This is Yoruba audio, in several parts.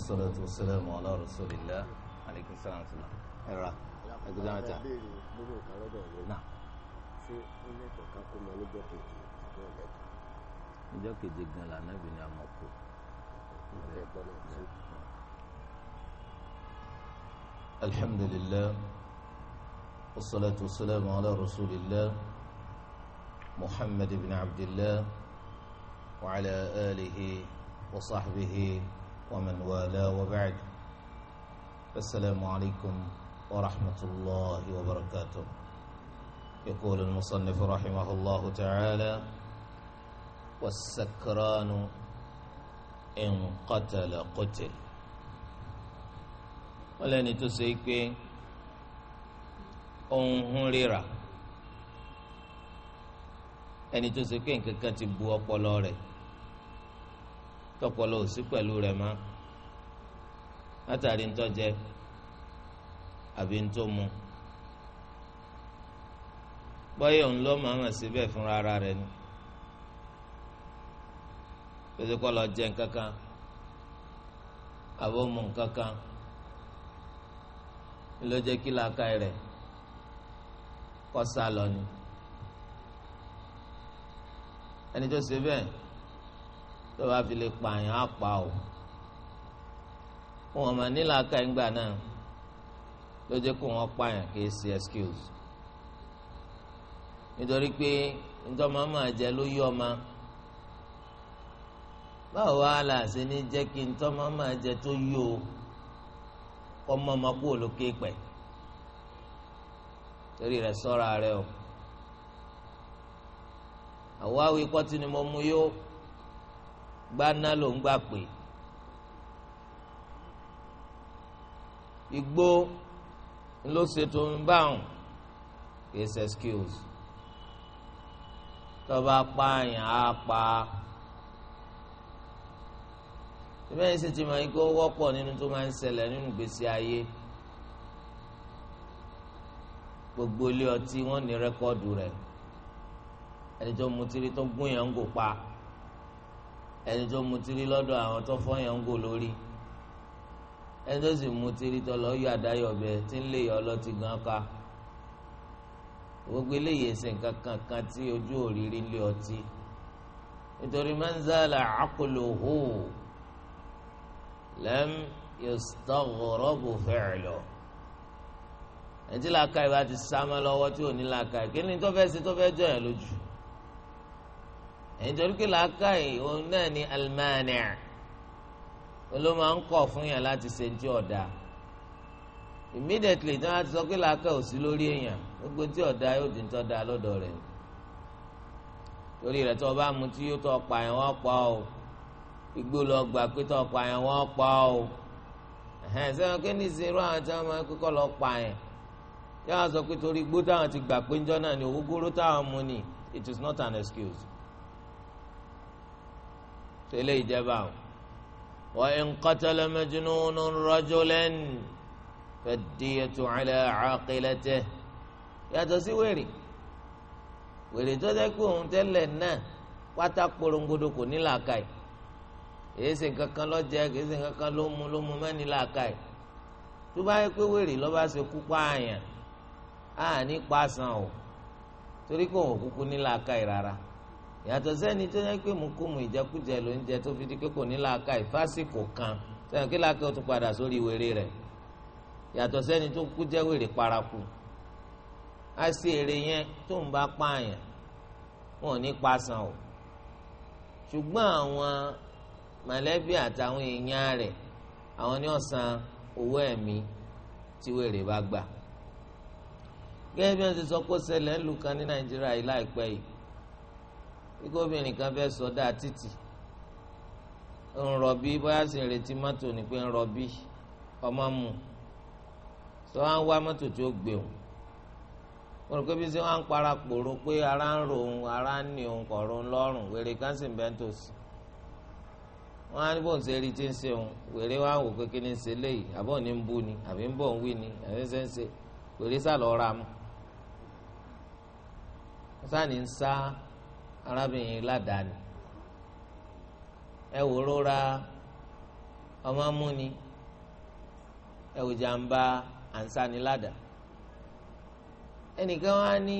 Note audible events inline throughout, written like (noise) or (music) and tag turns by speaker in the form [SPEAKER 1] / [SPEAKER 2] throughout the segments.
[SPEAKER 1] والصلاة والسلام على رسول الله عليكم السلام ورحمة الله وبركاته نعم mẹ́ta. kejì gan la ni الحمد لله والصلاة والسلام على رسول الله محمد بن عبد الله وعلى آله وصحبه ومن والاه وبعد السلام عليكم ورحمة الله وبركاته يقول المصنف رحمه الله تعالى والسكران إن قتل قتل ولن تسيك أنهرر أن تسيك إن كتب وقلورك tọpọlọ òsì pẹ̀lú rẹ̀ mọ́ látàrí ntọ́jẹ àbí ntọ́mu bọ́yọ̀ ńlọ màmá síbẹ̀ fúnra ara rẹ̀ ni pèsè jẹ nkankan àbọ̀ mu nkankan ló jẹ́ kí làákà rẹ̀ kọ́ sálọ ni ẹni tó ṣe tó bá fi lè pààyàn á pa ò wọn mà nílà ká ìgbà náà ló jẹ́ kó wọ́n pààyàn kì í ṣe excuse nítorí pé ntọ́mọ máa jẹ ló yí ọmọ báwo wá là ṣe ní jẹ́ kí ntọ́mọ máa jẹ tó yí o kọ́ mọ́ ọmọ kúrò lókè pẹ̀ torí rẹ̀ sọ́ra rẹ̀ o àwa wí kọ́tù ni mo mú yóò gbaná ló ń gbà pé igbó ló ṣètò ń báwọn is excuse tọba pààyàn á pa ìbẹ́yìn sì ti máa ń kó wọ́pọ̀ nínú tó máa ń ṣẹlẹ̀ nínú ìgbésí ayé gbogbo ilé ọtí wọ́n ní rẹ́kọ́ọ̀dù rẹ̀ ẹni tó mutí tó gún yàn ń gò pa ẹni tó mutí rí lọ́dọ̀ àwọn tó fọyàn ń gò lórí ẹni tó sì mutí rí tọ́ lọ́ọ́ yọ àdáyọ̀bẹ tí ń lè yọ ọlọ́tí gan ká gbogbo eléyìí ẹsẹ̀ nǹkan kankan tí ojú òrìrì lé ọtí nítorí manzala aqluhu lam yastaghrabu fi'lu ẹni tí làákàyè bá ti sá mọ́ lọ́wọ́ tí ò ní làákàyè kí ni tó fẹ́ ṣe tó fẹ́ jọyàn lójú nítorí pé làákàyè òun náà ni almani ló máa ń kọ̀ fún yàn láti ṣe ti ọ̀dà immediately tí wọ́n ti sọ pé làákàyè ò sí lórí èèyàn gbogbo tí ọ̀dà yóò di tọ́ da lọ́dọ̀ rẹ̀ torí rẹ̀ tí wọ́n bá mu tí yóò tọ́ pa yẹn wọ́n pa o igbó lọ gbà pé tọ́ pa yẹn wọ́n pa o sẹ́wọ̀n kí ni zero àwọn tí wọ́n máa kọ́kọ́ lọ pa yẹn yóò sọ pé torí igbó táwọn ti gbà pé ńjọ́ náà ni òwúgbóró táwọn mu ni it is not an excuse tẹ́lẹ̀ ìjẹba o wa in qatala majnunun rajulan faddiyatu ala aqilatihi yàtọ̀ sí wèrè wèrè tó dẹ́ pé òun tẹ́lẹ̀ náà pátá porongodo kò ní làákàyè èyí sì kankan ló jẹ èyí sì kankan ló mu ló mu mẹ́ni làákàyè tó bá yẹ pé wèrè lọ́ba ṣe kú pààyàn á ní pàṣán o torí kò wọ́n kúkú ní làákàyè rárá yàtọ̀ sẹ́ni tó yẹ pé mukumu ìjẹkújẹ ló ń jẹ tó fi di pé kò ní làákà ìfásìkò kan sẹ́yìn kí làákà ó tún padà sórí wèrè rẹ̀ yàtọ̀ sẹ́ni tó kú jẹ́ wèrè paraku á sí èrè yẹn tó ń bá pààyàn wọn ò ní pa san o ṣùgbọ́n àwọn mọ̀lẹ́bí àtàwọn èèyàn rẹ̀ àwọn ni wọ́n san owó ẹ̀mí tí wèrè bá gbà gẹ́gẹ́ bí wọ́n ti sọ pé ó ń lu kan ní nàìjíríà yìí láìpẹ́ yìí ikú obìnrin kan fẹ́ sọdá títì ń rọbí bóyá sì ń retí mọ́tò ní pé ń rọbí ọmọ mu sọ wá ń wá mọ́tò tí ó gbé òun mo rò pé bí sẹ́ wá ń para pòrò pé ara ń ro òun ara ń ní òun kọ̀ọ̀rọ̀ ń wèrè kan sì ń bẹ́ ń tò sí á ní bóun ṣe rí tí ń ṣe òun wèrè wá wò pé kí ni ń ṣe léyìí àbọ̀ ní ń bú ni àbí ń bọ̀ ń wí ni àbí ń ṣe ń ṣe wèrè sá lọ́ọ́ ra mu sáà ń sá arábìnrin ládàáni ẹ wò rora ọmọ múni ẹ wò jàǹbá ànsani ládàá ẹnìkan wá ní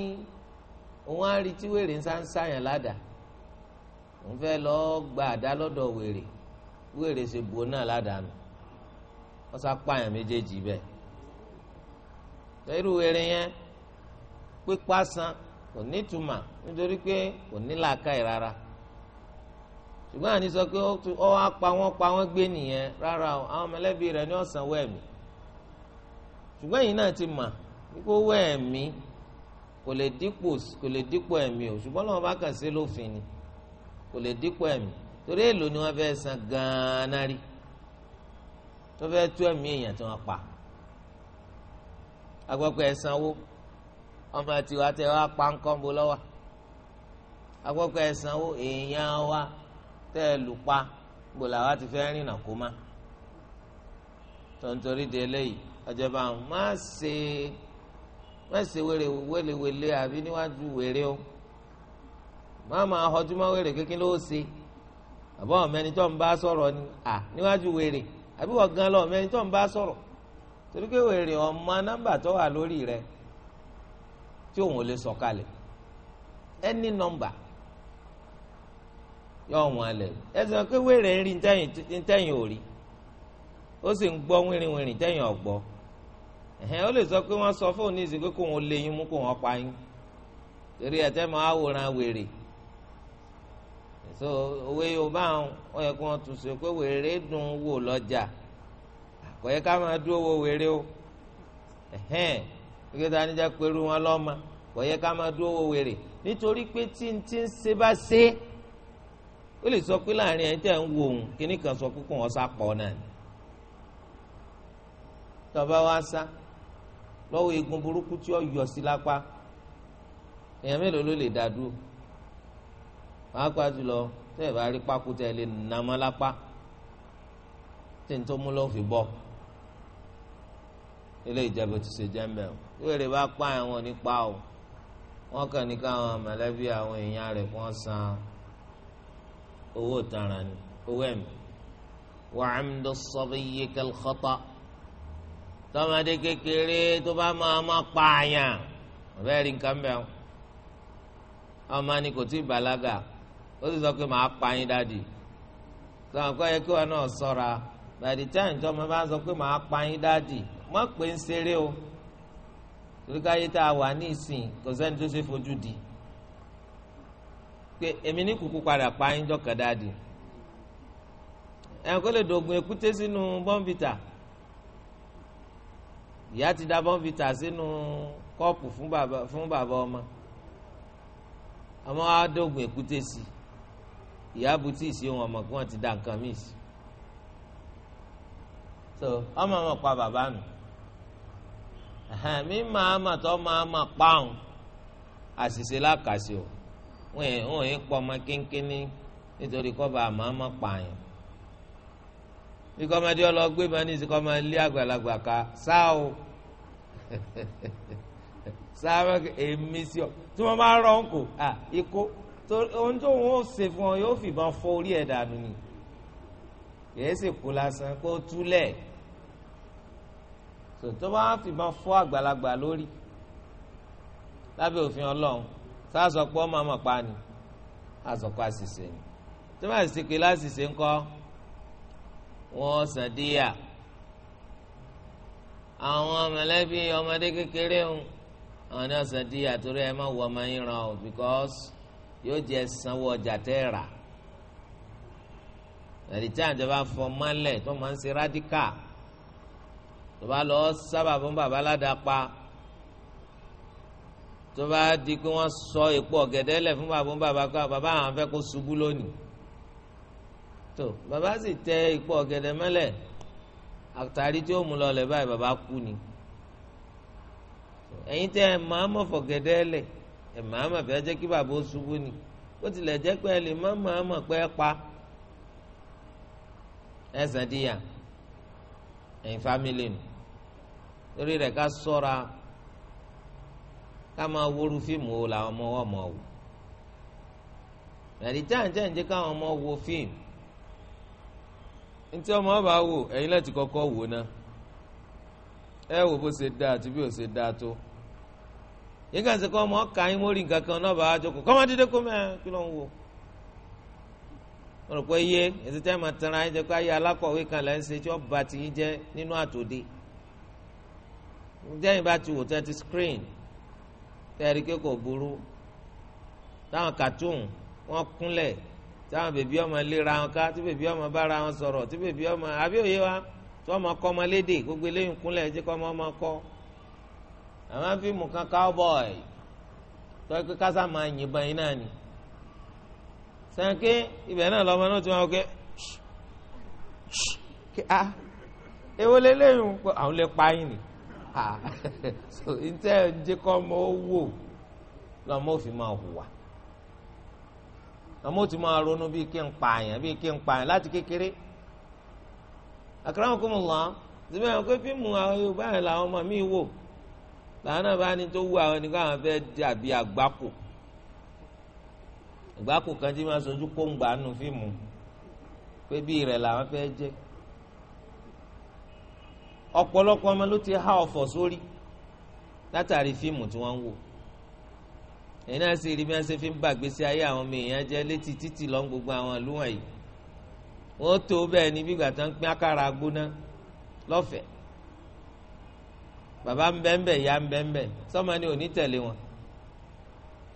[SPEAKER 1] òun á rí tí wèrè ń sáńsá yẹn ládàá òun fẹ́ lọ́ọ́ gba àdá lọ́dọ̀ wèrè wèrè ṣe bò náà ládàá nù wọ́n sá pààyàn méjèèjì bẹ́ẹ̀ irú wèrè yẹn pípa san kò ní ìtumà nítorí pé kò ní làákàyè rárá ṣùgbọ́n àní sọ pé ó wá pa wọ́n pa wọ́n gbé nìyẹn rárá o àwọn mọ̀lẹ́bí rẹ̀ ní ọ̀sán wẹ̀mí ṣùgbọ́n èyí náà ti mà wípé owó ẹ̀mí kò lè dípò kò lè dípò ẹ̀mí o ṣùgbọ́n lọ́wọ́ bá kàn sí lófin ni kò lè dípò ẹ̀mí torí èlò ni wọ́n fẹ́ẹ́ san gan-an rí tó fẹ́ẹ́ tú ẹ̀mí èèyàn tí wọ́n pa agbọ́pẹ́ ẹ̀ sanwó ọmọ tiwa tẹ wá pankọ́ńbó lọ́wọ́ akọ́kọ́ ẹ sanwó èèyàn wa tẹ́ ẹ pa làwa ti fẹ́ rìnnà kó má ọjọba má ṣe má àbí níwájú ọ o má máa má àbọ̀ ọ̀mẹ́ni tó ń bá sọ̀rọ̀ ni à níwájú àbí wọ́n gan lọ ọ̀mẹ́ni tó ń bá sọ̀rọ̀ torí pé wèrè ọmọ nọ́mbà tó wà lórí rẹ̀ tí òun ò lè sọ̀kalẹ̀ ẹni nọ́mbà yọ wọn alẹ ẹsẹ pé wèrè ń rí ntẹyìn ò rí ó sì ń gbọ́ wìrìn wìrìn tẹyìn ọgbọ ó lè sọ pé wọ́n sọ fóun ní ìsìnkú kó wọn lè yín mú kó wọn pa yín torí ẹtẹ máa wòran wèrè so òwe yorùbá wọn yẹ kó wọn tún sọ pé wèrè dùn wò ká máa dúró wo wèrè o gẹ́gẹ́ tá a níjà pẹ̀lú wọn lọ́mọ kò yẹ ká máa dúró wèrè nítorí pé tí n ti ń ṣe bá ṣe ó lè sọ pé láàrin ẹ̀ tẹ̀ ń wo òun kíní kan sọ pé kò sá pọ̀ náà ni tọ́ba wa sá lọ́wọ́ eegun burúkú tí ó yọ sí lápá èèyàn mélòó ló lè dá dúró wàá pa jùlọ tẹ́ ẹ̀ bá rí pákó tẹ́ ẹ lè nàmọ́ lápá tí n tó mú lọ́ọ́ fi bọ́ ilé ìjẹ́bù ti ṣe jẹ́ mbẹ́ o wèrè bá pa àwọn nípa o wọ́n kàn ní káwọn mọ̀lẹ́bí àwọn èèyàn rẹ̀ kó san owó ìtanràn ni owó ẹ̀mí. wàhámdó sọ́bìyí kẹlẹ́kọ́tà tọ́mọdé kékeré tó bá máa má pa àyàn ọ̀bẹ́ rí nǹkan mbẹ́ o ọmọ ni kò tí ì bàlágà ó sì sọ pé màá pa yín dáàdì sọ̀rọ̀ kọ́ yẹ kí wọn náà sọ̀ra by the time tọ́mọ bá sọ pé màá pa yín dáàdì má pè ń ṣeré o torí káyé tá a wà ní ìsìn kò sẹ́ni tó ṣe fojú di pé èmi ní kúkú padà pa ayé jọkàn dáàdì ẹ̀ kó lè dògùn èkúté sínú bọ́ǹbìtà ìyá ti da bọ́ǹbìtà sínú kọ́ọ̀pù fún bàbá ọmọ ọmọ wa dògùn èkúté sí ìyá bùtí sí wọn ọmọ kí wọn ti da nǹkan míì sí so ọmọ ọmọ pa bàbá nù mi máa mà tó máa mà pààrùn àṣìṣe lákàṣì o wọn ẹ wọn ẹ pọ ọmọ kínkínní nítorí kọba àmọ́ àmọ́ pààyàn bí kọ́mọdé ọlọ́gbé máa ní ìsìnkọ́ máa lé àgbàlagbà ká sáà o (laughs) sáà èmi sí ọ tí wọ́n bá rọ̀ ń kò à ikú ohun tó wọn ò ṣe fún ọ yóò fìbọn fọ́ orí ẹ̀ dànù ni kìí sì kú lásán kó túlẹ̀ tó bá wọn fìbọn fọ́ àgbàlagbà lórí lábẹ́ òfin ọlọ́run sáàsọ pé ọmọ ọmọ pa ni àsọpọ̀ àṣìṣe ni tó bá sì pé láṣìṣe ńkọ́ wọ́n san díyà àwọn mọ̀lẹ́bí ọmọdé kékeré ń àwọn ni wọ́n san díyà torí ẹ má wọ ọmọ yín ràn ọ́ because yóò jẹ́ sanwó ọjà tẹ́ rà ẹ̀rí tí àjọba fọ mọ́lẹ̀ tó máa ń ṣe rádíkà tó bá lọ sábà fún bàbá aládàá pa tó bá di pé wọ́n sọ èpo ọ̀gẹ̀dẹ̀ lẹ̀ fún bàbá fún bàbá kọ́ bàbá àwọn fẹ́ kó ṣubú lónìí tó bàbá sì tẹ èpo ọ̀gẹ̀dẹ̀ mẹ́lẹ̀ àtàrí tí ó mú lọlẹ̀ báyìí bàbá kú ni ẹ̀yin tẹ ẹ̀ máa mọ̀ fọ̀gẹ̀dẹ̀ lẹ̀ ẹ̀ máa mọ̀ fẹ́ jẹ́ kí bàbá ó ṣubú ni ó tilẹ̀ jẹ́ pé ẹ lè má máa mọ̀ pé ẹ pa ẹ̀ sàdíyà ẹ̀yin fámìlì nù torí rẹ̀ ká sọ́ra ká máa wóru fíìmù wo làwọn ọmọ wọn mọ̀ wò ẹ̀rí jáǹjẹ́ ǹjẹ́ káwọn ọmọ wo fíìmù ntí ọmọ ọba wò ẹ̀yin láti kọ́kọ́ wò ná ẹ wò bó ṣe dáa àti bí ó ṣe dáa tó yín kàn sí kọ́ ọmọ ọkà yín mórí nǹkan kan náà bá a jókòó kọ́ ọmọ dídé kó mẹ́ẹ̀ kí ló ń wò mo rò pé yé ètò ẹ̀ máa tanra ẹ̀ jẹ́ pé ayé alákọ̀wé kan lẹ́ ń ṣe tí ó ti yín jẹ́ nínú àtòdé jẹ́yìn bá ti wò tẹ́ ti screen tẹ́rí pé kò burú táwọn cartoon wọ́n kúnlẹ̀ táwọn bèbí ọmọ léra wọn ká tí bèbí ọmọ bára wọn sọ̀rọ̀ tí bèbí ọmọ àbí òye wa tí wọ́n mọ kọ́ ọmọ léde gbogbo eléyìí kúnlẹ̀ jẹ́ kọ́ ọmọ ọmọ kọ́ àwọn fíìmù kan cowboy tọ́jú pé kásá máa yìnbọn yìí náà ni sẹ́yìn ibẹ̀ náà lọ́mọ náà ti máa wọ pé ṣì ṣì ah èwo lélẹ́yìn àwọn lè pa yín nìyí. (laughs) so ntẹ́ jẹ́kọ́ ọmọ ó wò lọ́mọ òfin máa hùwà lọ́mọ òtún máa ronú bíi kí n pààyàn bíi kí n pààyàn láti kékeré àkàràwọn kò mọ̀ lọ́n síbẹ̀ àwọn pé fíìmù àwọn Yorùbá yẹn làwọn ọmọ mi wò làwọn náà bá ní tó wù àwọn ẹnìkan àwọn fẹ́ dàbí àgbákò àgbákò kan tí máa sojú kóńgbà nù fíìmù pé bí rẹ̀ làwọn fẹ́ jẹ́ ọ̀pọ̀lọpọ̀ ọmọ ló ti há ọ̀fọ̀ sórí látàrí fíìmù tí wọ́n ń wò ẹ̀yin náà sì rí bí wọ́n ṣe fi ń bàgbé sí ayé àwọn ọmọ èèyàn jẹ́ létí títì lọ́n gbogbo àwọn ìlú wọ̀nyí wọ́n tó bẹ́ẹ̀ ni bí gbàtà ń pín àkàrà gbóná lọ́fẹ̀ẹ́ bàbá ń bẹ́ ń bẹ́ ìyá ń bẹ́ ń bẹ́ sọ́mọ ni ò ní tẹ̀lé wọn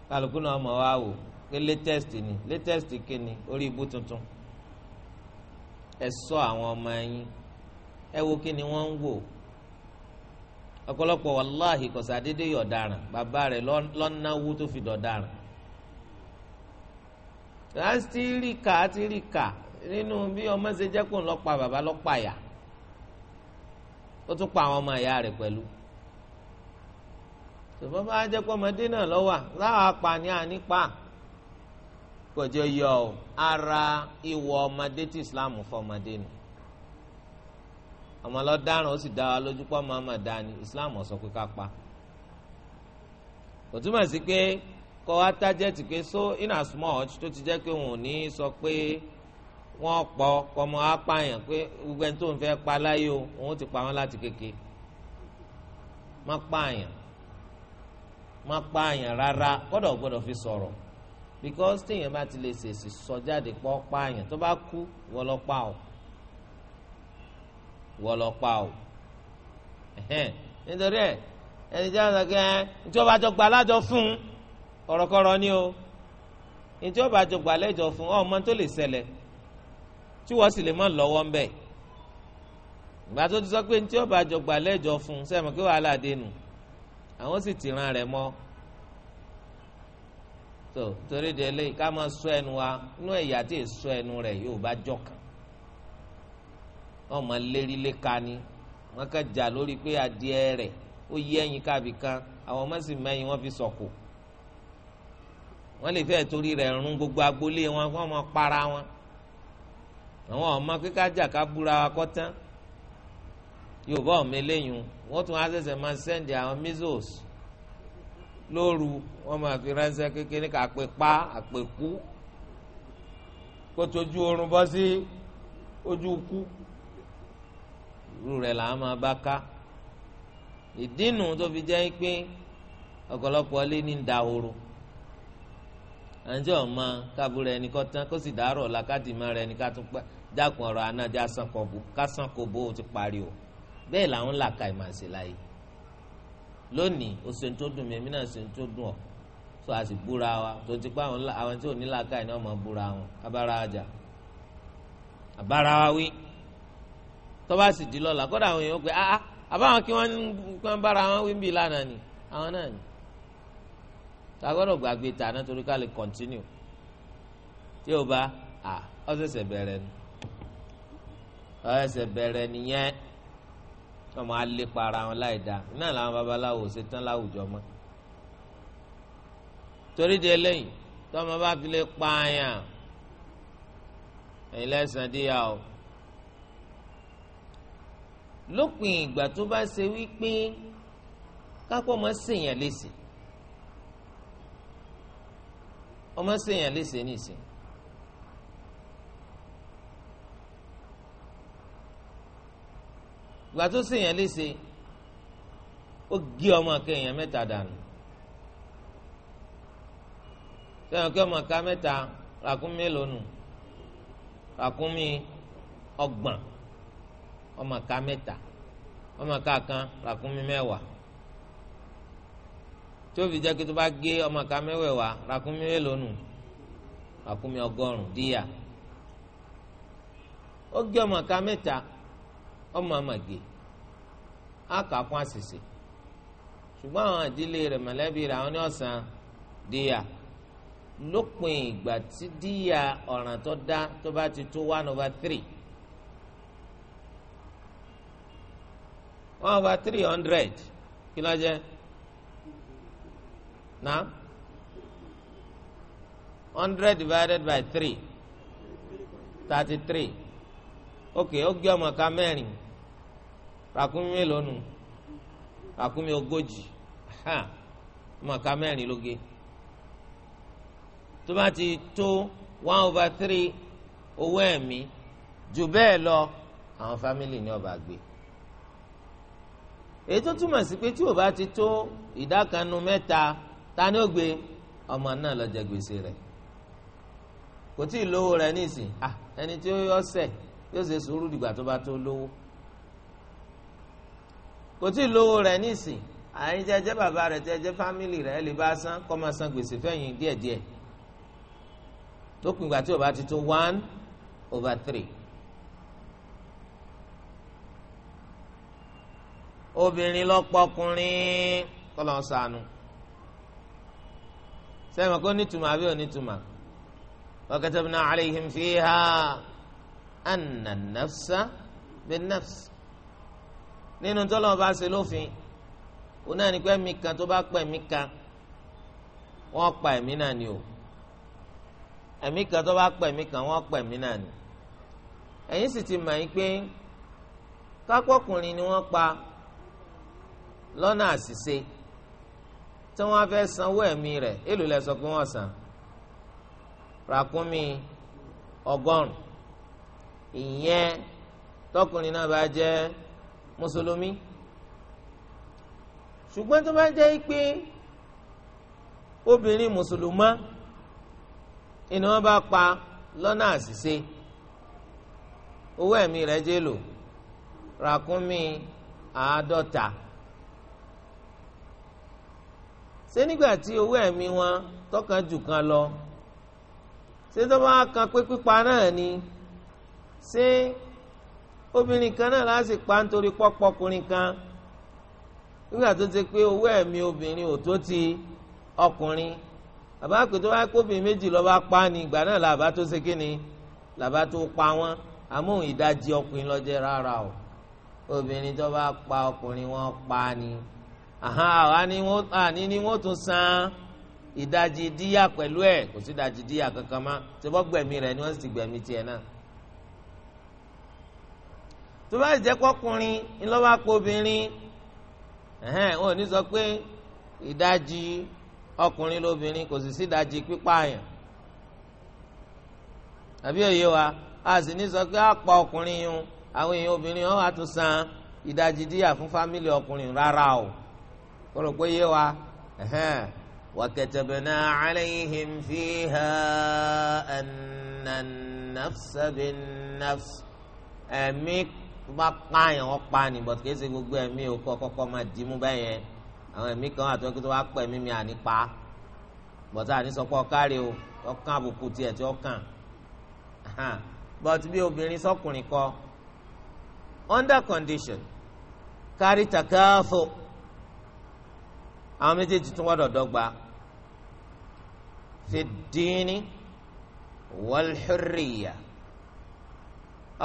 [SPEAKER 1] kálukú náà mọ̀ wá wò pé latest ni latest kí ni orí ibú tuntun ẹ ṣọ́ àwọn ọmọ ẹ̀yin ẹ wo kí ni wọ́n ń wò ọ̀pọ̀lọpọ̀ wàláhì kọ̀sá dédé yọ̀ daràn bàbá rẹ̀ lọ́nàwó tó fi dọ̀ daràn rásítírìkà átírìkà nínú bí ọmọ ṣe jẹ́ kó ń lọ́pa bàbá lọ́pa yà ó tún pa àwọn ọmọ ìyá rẹ̀ pẹ̀lú ṣùgbọ́n bá jẹ́ pé ọmọdé náà lọ́wà láwa pa ni à ní pa kò jẹ́ yọ ara ìwọ ọmọdé tí Islam fọmọdé ni àwọn ọlọ́daràn ó sì dá wa lójú pọ́ máa máa dá ni islam ọ̀sọ́ pé ká pa kò túmọ̀ sí pé kọ́ wa tájẹ́tì pé so in as much tó ti jẹ́ pé wọn ò ní sọ pé wọ́n pọ̀ kọ́mọ apààyàn pé gbogbo ẹni tó ń fẹ́ pa láyé o òun ti pa wọn láti kéke má pààyàn má pààyàn rárá kọ́dọ̀ gbọ́dọ̀ fi sọ̀rọ̀ because téèyàn bá ti lè ṣèṣì sọ jáde pọ́ pààyàn tó bá kú wọ́n lọ wọ́n lọ pa o nítorí ẹ ẹni tí wọ́n sọ kẹ́ ẹ tí wọ́n gbà lájọ fún ọ̀rọ̀kọ̀rọ̀ ni o ní tí wọ́n bá jọ gbà lẹ́jọ fún ọmọ tó lè ṣẹlẹ̀ tí wọ́n sì lè má lọ́wọ́ ń bẹ̀ ìgbà tó ti sọ pé ní tí wọ́n bá jọ gbà lẹ́jọ fún sẹ́mi kí wàhálà dé nù àwọn sì ti ran rẹ̀ mọ́ tó torí délé ká máa sọ ẹnu wa inú ẹ̀yà tí èso ẹnu rẹ̀ yóò bá jọ kàn ọmọ lérí léka ni wọ́n kàn jà lórí pé adìẹ rẹ̀ ó yí ẹyin káàbì kan àwọn ọmọ sì mẹ́yìn wọ́n fi sọ̀kò wọ́n lè fẹ́ torí rẹ̀ run gbogbo agboolé wọn wọ́n mọ para wọn àwọn ọmọ kíkájà ká búra wa kọ́ tán yorùbá ọmọ eléyìí wọ́n tún á ṣẹ̀ṣẹ̀ máa sẹ́ndì àwọn measles lóru wọ́n máa fi ránṣẹ́ kékeré ká pa àpè kú kó tójú oorun bọ́ sí ojú kú irú rẹ̀ là á máa bá ká ìdínú tó fi jẹ́ pé ọ̀pọ̀lọpọ̀ lé ní dahoro àǹjẹ́ ọ̀ma kábúrẹ́ ẹni kọ́ tán kó sì dárọ̀ ọ̀la kádìmá rẹ̀ ẹni ká tún pa dákun ọ̀rọ̀ anájà sankobo kásankobo ó ti parí o bẹ́ẹ̀ làwọn ń là ka ìmọ̀ láyé lónìí o ṣe ń tó dùn mí èmi náà ṣe ń tó dùn ọ́ tó a sì búra wa tó ti pa àwọn tí ò ní làákà ìní ọmọ búra wọn abára ajá abára wa wí tọ́ba sì di lọ́la kódà àwọn èèyàn pé ah, ah àbáwọn kí wọ́n ń bára wọn wí lánàá ni àwọn náà ni ta gbọ́dọ̀ gbàgbé ta náà torí ká lè kọ́ntínú tí o bá a ọ̀sẹ̀sẹ̀ bẹ̀rẹ̀ ni ọ̀sẹ̀sẹ̀ bẹ̀rẹ̀ nìyẹn ọmọ alépa ara wọn láì dáa náà làwọn babaláwo ṣe tán láwùjọ mọ́ torí di eléyìí tọ́mọ bá fi lè pààyàn ẹ̀yin lẹ́sàn-án díyà lópin ìgbà tó bá ṣe wípé kápọ̀ ọmọ ṣèyàn léṣe ọmọ ṣèyàn léṣe nìsín. ìgbà tó ṣèyàn léṣe ó gé ọmọ kẹyìn mẹ́ta dànù sẹ́yìn kí ọmọ ká mẹ́ta ràkúnmí mélòó ràkúnmí ọgbọ̀n ọmọ ká mẹ́ta ọmọ ká kan ràkúnmí mẹ́wàá tí ó fi jẹ́ kí tó bá gé ọmọ ká mẹ́wẹ̀wá ràkúnmí mélòó nù ràkúnmí ọgọ́rùn díyà ó gé ọmọ ká mẹ́ta ọmọ àmàgé á kà kún àṣìṣe ṣùgbọ́n àwọn ìdílé rẹ̀ mọ̀lẹ́bí rẹ̀ àwọn ní ọ̀sán díyà lópin ìgbà tí díyà ọ̀ràn tó dá tó bá ti tó one over three one over three hundred kí ló jẹ́ na hundred divided by three thirty three ok ó gbé ọmọ ká mẹ́rin ràkúnmí mélòó nù ràkúnmí ogójì ọmọ ká mẹ́rin ló gé tó bá ti tó one over three owó ẹ̀mí jù bẹ́ẹ̀ lọ àwọn fámìlì ní ọba gbé èyí tó túmọ̀ sí pé tí ò bá ti tó ìdákanu mẹ́ta ta ni ó gbé ọmọ náà lọ jẹ gbèsè rẹ̀ kò tí ì lówó rẹ̀ nísìn ah ẹni tí ó yọ sẹ̀ yóò ṣe sùúrù dìgbà tó bá tó lówó kò tí ì lówó rẹ̀ nísìn àyìn jẹ́ jẹ́ bàbá rẹ̀ tẹ́ jẹ́ fámìlì rẹ̀ ẹ lè bá san kọ́ máa san gbèsè fẹ́yìn díẹ̀díẹ̀ tó kùn ìgbà tí ò bá ti tó one over three. obìnrin lọ́pọ̀kùnrin kọ́lọ́ sànù sẹ́mi kó nítumọ̀ àbí onítumọ̀ wa katabna alayhim fiha anna nafsa bin nafs nínú tọ́lọ́wọ́ bá ṣe lófin òun náà ní pé ẹ̀mí kan tó bá pa ẹ̀mí kan wọ́n pa ẹ̀mí náà ni o ẹ̀mí kan tó bá pa ẹ̀mí kan wọ́n pa ẹ̀mí náà ni ẹ̀yin sì ti mọ̀ yín pé kápọ́kùnrin ni wọ́n pa lọ́nà àṣìṣe tí wọ́n fẹ́ sanwó ẹ̀mí rẹ̀ èlò lẹ sọ pé wọ́n san ràkúnmí ọgọ́rùn ìyẹn tọkùnrin náà bá jẹ́ mùsùlùmí ṣùgbọ́n tó bá jẹ́ pé obìnrin mùsùlùmá ni wọ́n bá pa lọ́nà àṣìṣe owó ẹ̀mí rẹ̀ jẹ́ lò ràkúnmí àádọ́ta ṣé nígbà tí owó ẹ̀mí wọn tọ́ka jù kan lọ ṣé tó bá kan pé pípa náà ni ṣé obìnrin kan náà láti pa nítorí pọ́pọ́ ọkùnrin kan nígbà tó ti pé owó ẹ̀mí obìnrin ò tó ti ọkùnrin àbá pé tó bá pé obìnrin méjì ló bá pa ni ìgbà náà làbá tó ṣe kí ni làbá tó pa wọn àmọ́ ìdajì ọkùnrin ló rárá o obìnrin tó bá pa ọkùnrin wọn pa ni. àwa ni wọ́n tún san ìdajì díyà pẹ̀lú ẹ̀ kò sí ìdajì díyà kankan mọ́ ṣùgbọ́n gbẹ̀mí rẹ̀ ni wọ́n sì gbẹ̀mí tiẹ̀ náà. tó bá jẹ́ kọ́kùnrin ńlọ́wọ́ akóbìnrin wọn ò ní sọ pé ìdajì ọkùnrin lóbìnrin kò sì sí ìdajì pípààyàn àbí òye wa a sì ní sọ pé àpá ọkùnrin yun àwọn èèyàn obìnrin wọn wà tún san ìdajì díyà fún fámìlì ọkùnrin rárá o. mo rò pé yé wa wàkẹtẹbẹnà aláìhìn fìhà ẹnànàfsàbẹnàfs ẹmí tó bá pààyàn wọn pa ni bọ̀t kìí ṣe gbogbo ẹ̀mí o kọ́ kọ́kọ́ máa dì í mú bẹ́yẹn àwọn ẹ̀mí kan àti ọkọ̀ tó bá pẹ̀ mímí ànípa bọ̀t àníṣọpọ̀ kárí o ọkàn àbùkù tiẹ̀ tí ọkàn bọ̀t bí obìnrin sọkùnrin kọ́ under condition kárí takáfò àwọn méjèèjì tún wọ́dọ̀ dọ́gba fi díínì wàlhúrìyà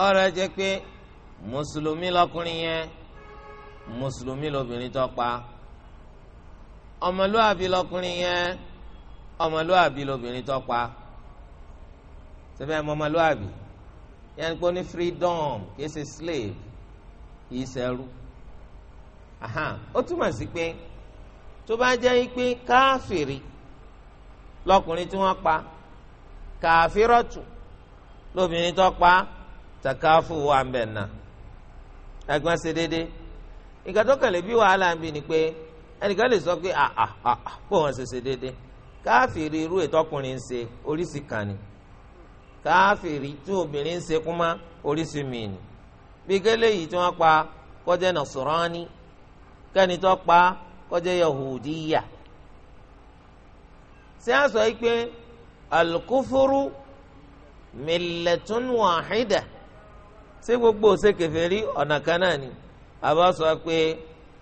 [SPEAKER 1] ọ̀rọ̀ jẹ́ pé mùsùlùmí lọkùnrin yẹn mùsùlùmí lobìnrin tó pa ọmọlúwàbí lọkùnrin yẹn ọmọlúwàbí lobìnrin tó pa sẹfẹ ọmọlúwàbí yẹn kó ní freedom kìí ṣe slave kìí ṣẹrú ó túmọ̀ sí pé. tó bá jẹ́ pé káfìrí lọkùnrin tí wọ́n pa káfírọ̀tù lóbìnrin tó pa takáfù wà ẹgbẹ́ ṣe déédéé ìgbà tó kẹlẹ̀ bí wàhálà ń pé ẹnìkan lè sọ pé àà àà kó wọn ṣe ṣe déédéé káfìrí irú ìtọ́kùnrin ń ṣe oríṣi kan ni káfìrí tí obìnrin ń ṣe oríṣi ni bí pa kọjá Nasrani pa kọjá yahudiya ṣé a sọ pé alukufuru millatun wahida ṣé gbogbo ṣe kèfèrí ọ̀nà kan náà ni a bá sọ pé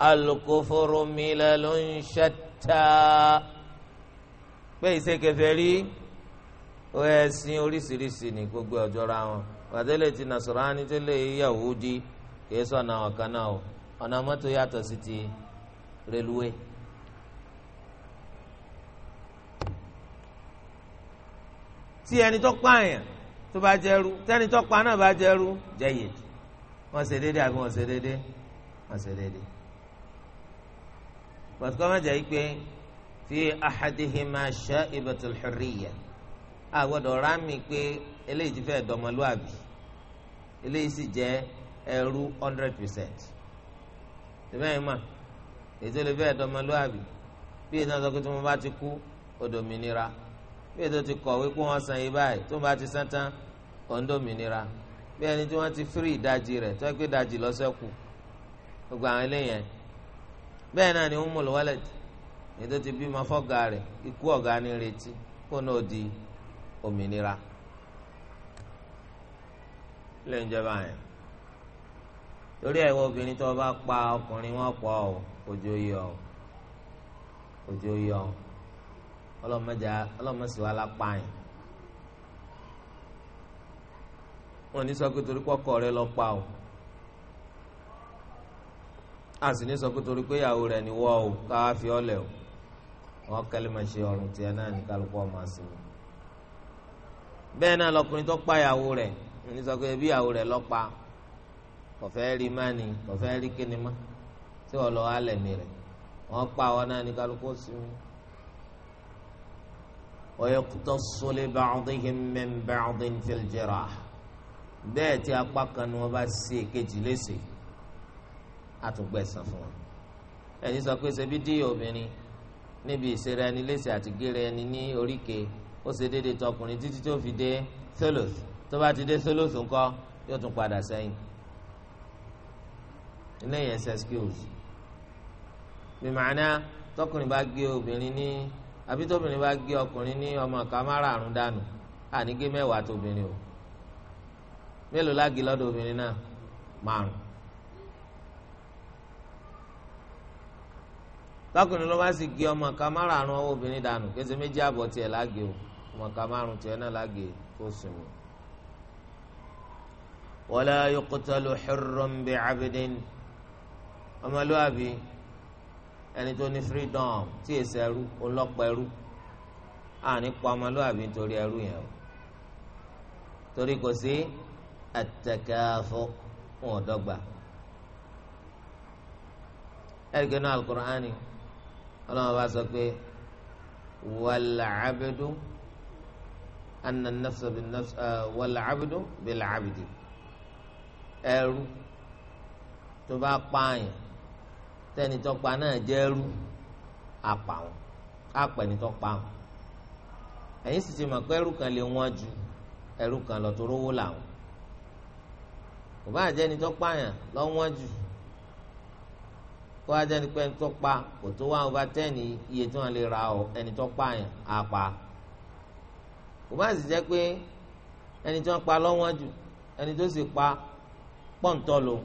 [SPEAKER 1] alukufuru millatun shatta pé ìṣe kèfèrí ẹ̀sìn oríṣiríṣi ní gbogbo ọ̀jọ̀ra wọn pàtẹ́lẹ̀ ti Nasrani tẹ́lẹ̀ Yahudi kìí sọ̀nà ọ̀kan náà ọ̀nà mọ́tò yàtọ̀ sí ti reluwé. tí ẹni tó pààyàn tó bá jẹrú tẹni tó pa náà bá jẹrú jẹyè wọn ṣe déédéé àbí wọn ṣe déédéé wọn ṣe déédéé. pàtùkọ́ má jẹ́ pé fi ahadihima sha'ibatul hurriya àgbọ̀dọ̀ rámì pé eléyìí ti fẹ́ dọmọlúàbí eléyìí sì jẹ́ ẹrú hundred percent. ìbẹ́yìn máa ètò ìlú bẹ́ẹ̀ dọ́mọlúàbí bí ètò ìsọ̀kú tí mo bá ti kú odòmìnira bí ètò ti kọ̀wé kó wọ́n san yìí báyìí tó bá ti san tán òǹdòmìnira bí ẹni tí wọ́n ti fírì ìdajì rẹ̀ tó ẹgbẹ́ ìdajì lọ́sẹ̀kù gbogbo àwọn eléyẹn bẹ́ẹ̀ náà ni umul walad ètò ti bímọ fọ́gà rẹ̀ ikú ọ̀gá ni retí kó náà di òmìnira lẹ́yìn ìjọba yẹn torí ẹ̀wọ́ obìnrin tó bá pa ọkùnrin wọn pọ̀ ọ́ ojú yọ ojú yọ ọlọ́mọdé ọlọ́mọsí wa lápá yẹn wọn ní sọ pé torí pọ́kọ rẹ lọ pa ọ́ a sì ní sọ pé torí pé ìyàwó rẹ ni wọ́ ọ́ káwá fi ọ́ lẹ̀ ọ́ wọn kẹ́lẹ́ máa ṣe ọrùn tiẹ̀ náà ní kálukú ọmọ sí i bẹ́ẹ̀ náà lọkùnrin tó pa ìyàwó rẹ̀ ní sọ pé ẹbí ìyàwó rẹ̀ lọ́pàá kọfẹ rí má ni kọfẹ rí kíni má tí wọn lọ alẹ mi rẹ wọn pa àwọn náà ní kálukú sinmi. ويقتص لبعضهم من بعض في الجراح bẹ́ẹ̀ tí apá kan ni wọ́n bá ṣe èkejì léṣe àtúgbẹ̀sán fún wọn. ẹ̀yin sọ pé ṣebí dí obìnrin níbi ìṣeré ẹni léṣe àti gírí ẹni ní oríkèé ó ṣe déédéé tọkùnrin títí tó fi dé tholos tó bá ti dé tholos ńkọ́ yóò tún padà sẹ́yìn eléyìí ẹsẹ skills bìmọ̀nà tọkùnrin bá gbé obìnrin ní àbí tóbìnrin bá gbé ọkùnrin ní ọmọ kan márààrún dànù àní gé mẹ́wàá tóbìnrin o mélòó lági lọ́dọ̀ obìnrin náà márùn. tọkùnrin ló bá sì gé ọmọ kan márààrún ọwọ́ obìnrin dànù kése méjì àbọ̀ tiẹ̀ lági o ọmọ kan márùn tiẹ̀ náà lági kó sùn o. wala yuqtalu hirran bi'abdin ọmọlúwàbí ẹni tó ní freedom tí èsì ẹrú ọlọ́pàá ẹrú àní pa ọmọlúwàbí nítorí ẹrú yẹn o torí kò sí àtẹkẹ́fọ́ wọn ò dọ́gba ẹ̀ríkẹ́ náà alukur'ani ọlọ́run bá sọ pé wàlàcàbẹ̀dù anna nafsa bi nafsa wàlàcàbẹ̀dù bi làcàbẹ̀dù ẹrú tó bá pààyàn tẹ́ni tó pa náà jẹ́rú apà wọn apà ẹni tó pa wọn ẹ̀yin sì ti mọ̀ pé ẹrú kan lè wọ́n ju ẹrú kan lọ tó rówó làwọn kò bá jẹ́ni tó pààyàn lọ wọ́n jù kó wá jẹ́ni pé ẹni tó kò tó wá over ten iye tí wọ́n lè ra ọ ẹni tó pààyàn apà kò bá sì jẹ́ pé ẹni tó pa lọ́wọ́n jù ẹni tó sì pa pọ́ǹtọ́ lòun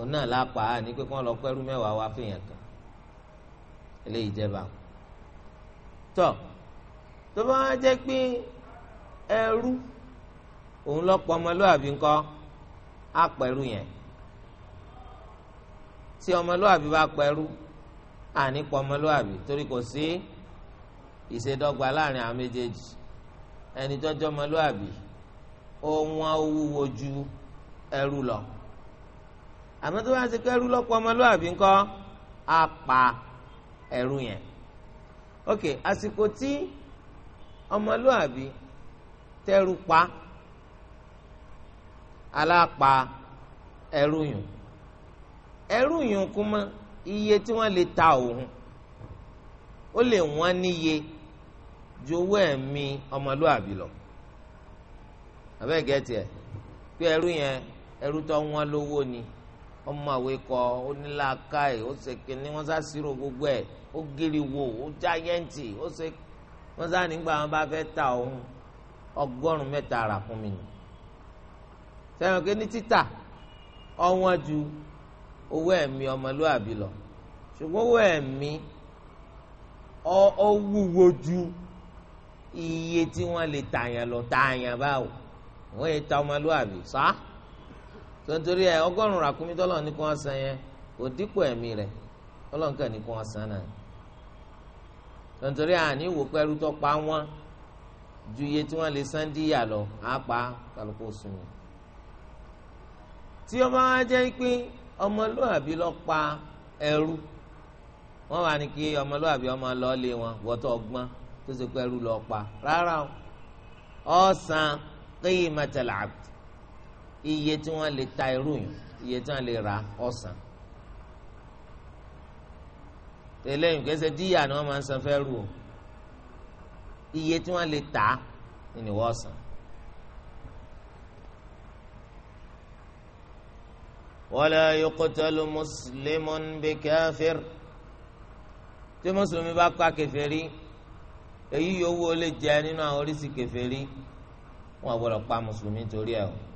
[SPEAKER 1] òun náà lápá ní pé kí wọ́n lọ pẹ́rú mẹ́wàá wá fèèyàn kan eléyìí jẹba tọ tó bá wá jẹ́ pé ẹrú òun lọ́pọ̀ ọmọlúwàbí ńkọ́ á pẹ̀rú yẹn tí ọmọlúwàbí bá pẹ̀rú àní pọ̀ ọmọlúwàbí torí kò sí ìṣèdọ́gba láàrin àwọn méjèèjì ẹni tọ́jú ọmọlúwàbí ó wọ́n wúwo ju ẹrú lọ àmọ́ tó bá ti kẹ́rú lọ́pọ̀ ọmọlúwàbí ńkọ́ á pa ẹ̀rú yẹn ok àsìkò tí ọmọlúwàbí tẹ́rú pa alápa ẹ̀rú yùn ẹ̀rú yùn kú mọ́ iye tí wọ́n lè ta òun ó lè wọ́n níye ju owó ẹ̀mí ọmọlúwàbí lọ àbẹ́ẹ̀gẹ́ tiẹ̀ pé ẹ̀rú yẹn ẹ̀rú tó wọ́n lówó ni ọmọ àwẹ kọ ó ní làákàyè ó ṣe kínní wọn sá sírò gbogbo ẹ ó gírí wo ó jáyẹǹtì ó ṣe wọn sá nígbà wọn bá fẹ́ ta òun ọgọ́rùn mẹ́ta ara fún mi nù sẹ́wọ̀n kí ní títà ọ̀wọ́n ju owó ẹ̀mí ọmọlúwàbí lọ ṣùgbọ́n owó ẹ̀mí ó wúwo ju iye tí wọ́n lè tààyàn lọ tààyàn báwo wọ́n yẹ ta ọmọlúwàbí sá. So? tontori ẹ ọgọ́rùn rakumi tọ́lọ̀ ní kó wọ́n san yẹn kò dípò ẹ̀mí rẹ̀ tọ́lọ̀ nǹkan ní kó wọ́n san náà tontori àní wò pẹ́rú tó pa wọ́n ju iye tí wọ́n lè san díyà lọ á pa kálukú sunmi tí ọmọ wa jẹ́ pé ọmọlúwàbí lọ pa ẹrú wọ́n wà ní kí ọmọlúwàbí ọmọ lọ́ọ́lé wọn wọ́tọ̀ ọgbọ́n tó ṣe pẹ́rú lọ pa rárá o ọ̀sán kéyìí mẹ́tẹ̀lá iye tí wọ́n lè ta irú yìí iye tí wọ́n lè ra ọ̀sán eléyìí kẹsẹ̀ díyà ni wọ́n máa ń san fẹ́ rú o iye tí wọ́n lè ta ni wọ́n san. wala yuqtalu muslimun bi kafir tí mùsùlùmí bá pa kèfèrí èyí yòówó lè jẹ nínú àwọn oríṣi kèfèrí wọn gbọ́dọ̀ pa mùsùlùmí torí ẹ̀ o.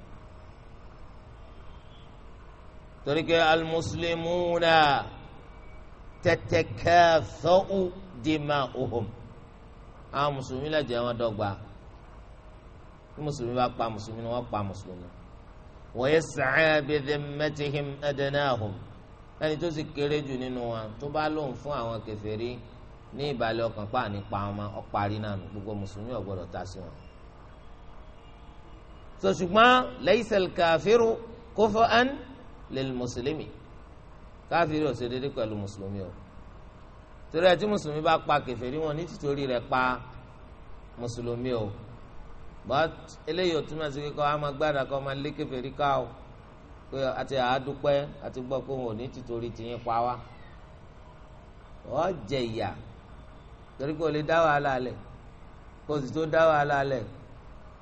[SPEAKER 1] torí pé almuslimuna tatakatha'u dima'uhum àwọn mùsùlùmí lẹ́jẹ̀ wọn dọ́gba bí mùsùlùmí bá pa mùsùlùmí ni wọ́n pa mùsùlùmí wa yas'a bi dhimmatihim adnahum ẹni tó sì kéré jù nínú wa tó bá lóun fún àwọn kèfèrí ní ìbàlẹ̀ ọkàn pa nípa ọmọ ọparí náà nù gbogbo mùsùlùmí ò ta sí wọn. sọ ṣùgbọ́n laysal kafiru kufan lil mùsùlùmí káfíìrì ò ṣe déédéé pẹ̀lú mùsùlùmí o torí ẹ tí mùsùlùmí bá pa kèfèrí wọn ní títorí rẹ̀ pa mùsùlùmí o but eléyìí ò túmọ̀ sí kíkọ́ àmọ́ gbàdá kọ́ máa lé kèfèrí ká o pé àti àádúpẹ́ àti gbọ́ pé wọn ò ní títorí tìyín pa wá ọ jẹ ìyà torí pé o lè dá wàhálà lẹ̀ kó o sì tó dá wàhálà lẹ̀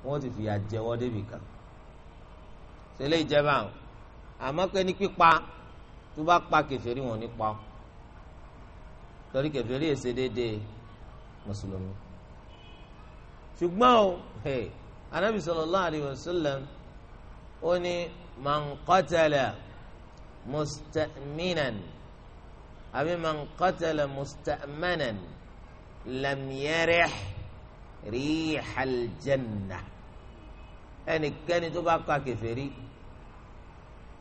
[SPEAKER 1] wọ́n ti fìyà jẹ wọ́n àmọ́ pé ní pípa tó bá pa kèfèrí wọn ní pa torí kèfèrí èsè déédéé mùsùlùmí ṣùgbọ́n o anabi sallallahu alayhi wa sallam ó ní man qatala musta'minan àbí man qatala musta'manan lam yarih rihal jannah ẹnikẹ́ni tó bá pa kèfèrí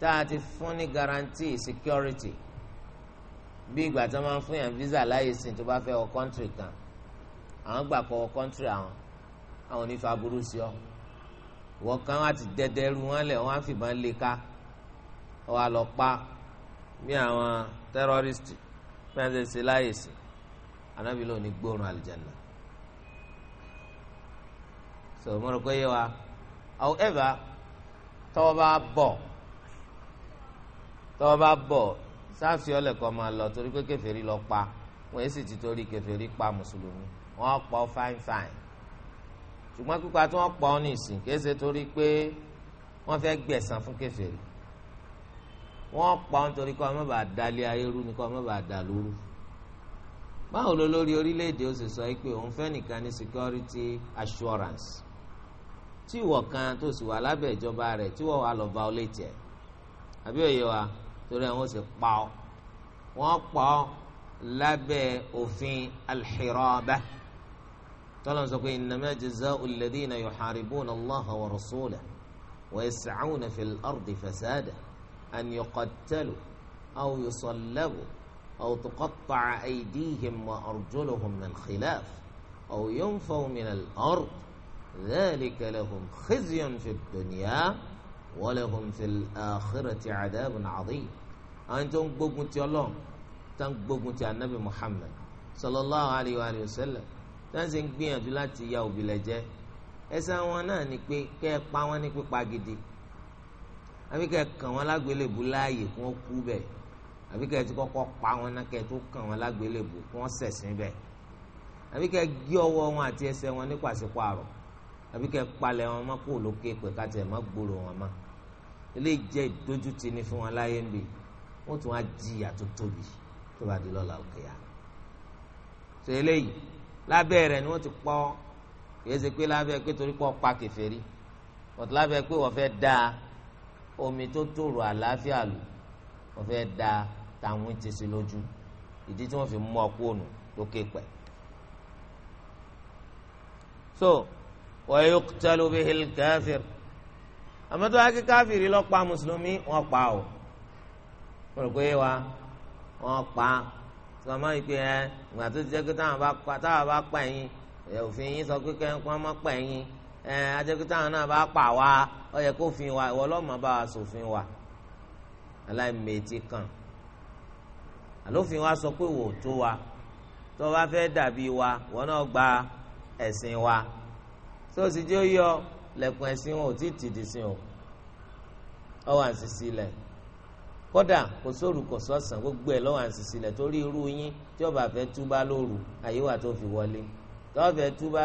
[SPEAKER 1] tá a ti fún ní guarantee security bí ìgbà tí wọ́n máa ń fún yàn visa láyè sìn tó bá fẹ́ wọ kọ́ńtìrì kan àwọn gbà kọ́ wọ kọ́ńtìrì àwọn àwọn onífà burú sí ọ wọ́n kàn wá ti dẹ́dẹ́rú wọn lẹ̀ wọ́n á fìbọn lè ká wọ́n á lọ pa bí àwọn tẹ́rọ́rìstì fẹ́ẹ́ ṣe láyè sìn anábì ló ní gbóòórùn àlìjànnà so mo rò pé yé wa however tọ́wọ́ bá bọ̀ tọ́wọ́ bá bọ̀ sáfì ọlẹ́kọ̀ máa lọ torí pé kèfèrí lọ pa wọ́n èsì ti torí kèfèrí pa mùsùlùmí wọ́n pọ̀ fáin fáin ṣùgbọ́n pípa tí wọ́n pọ̀ ọ́ nìsín kése torí pé wọ́n fẹ́ gbẹ̀san fún kèfèrí wọ́n pọ̀ ọ́ nítorí kọ́ ọmọ bá dalẹ̀ ayélu ni kọ́ ọmọ bá dàlúrú báwo ló lórí orílẹ̀-èdè ó sì sọ pé òun fẹ́ nìkan ní security assurance tí ìwọ̀ kan tó sì wà lábẹ́ ìjọba rẹ̀ tí wọ́n wà lọ violate ẹ̀ àbí òye wa. torí àwọn sì pa ọ wọ́n pa ọ lábẹ́ òfin alḥiraba tọ́lọ́n sọ pé innama jazaa'u alladhina yuharibuna allaha wa rasulahu wa yas'awna fil ardi fasada an yuqattalu aw yusallabu aw tuqatta'a aydihim wa arjuluhum min khilaf aw yunfaw min al-ard ذلك لهم خزي في الدنيا ولهم في الآخرة عذاب عظيم àwọn tó ń gbógun ti ọlọ́run tó ń gbógun ti anabi muhammed sallallahu alayhi wa sallam tó ń ṣe ń gbìyànjú láti ya òbílẹ̀ jẹ́ ẹsẹ̀ wọn náà ni pé kẹ́ ẹ pa wọn ní pípa gidi àbí kẹ́ ẹ kàn wọn lágbélébù láàyè kí wọ́n kú bẹ́ẹ̀ àbí kẹ́ ẹ ti kọ́kọ́ pa wọn náà kẹ́ ẹ tó kàn wọn lágbélébù kí wọ́n ṣẹ̀sìn bẹ́ẹ̀ àbí kẹ́ ẹ gé ọwọ́ wọn àti ẹsẹ̀ wọn ní pàṣípààrọ̀ àbí kẹ́ ẹ palẹ̀ wọn mọ́ kó lókè pẹ̀ káàtì ẹ̀ má gbòòrò wọn mọ́ eléyìí jẹ́ ìdójútì ní fún wọn láyé ń bì wọ́n tún á jìyà tó tóbi tó bá di lọ́la òkèèyà tó eléyìí lábẹ́ rẹ̀ ni wọ́n ti pọ́ kìí ṣe pé lábẹ́ pé torí pọ́ pa kèfèrí ọ̀tún lábẹ́ pé wọ́n fẹ́ da omi tó tòrò àlàáfíà lù wọ́n fẹ́ da tàwọn ti sí lójú ìdí tí wọ́n fi mú ọkú ònù lókè pẹ̀. so wa yuqtalu bihil káfíìr àmọ́tò akíkáfíìrì lọ́pàá mùsùlùmí wọ́n pa ọ́ mo rò pé wa wọ́n pa sọ ma yìí pé ẹ ìgbà tó ti jẹ́ pé táwọn bá pa táwọn bá pa ẹ̀yin òfin yín sọ pé kẹ́ńkọ́ má pa ẹ̀yin ẹ ajẹ́pẹ́ táwọn náà bá pa wá ó yẹ kó fin wa ìwọ ọlọ́mọ bá wa ṣòfin wa aláìmẹ̀tì kan àlófin wa sọ pé wò ó tó wa tó bá fẹ́ dàbí wa wọn náà gba ẹ̀sìn wa tó sì jẹ́ yọ lẹ̀kùn ẹ̀sìn wọn ò tí ì tìdí sí o ọ wà ń sisi kódà kò sóru kò sọ̀sán gbogbo ẹ̀ lọ́wọ́ àṣìṣìlẹ̀ torí irú yín tí ọba fẹ́ túbá lóru àyè wà tó fi wọlé tọ́fẹ̀ túbá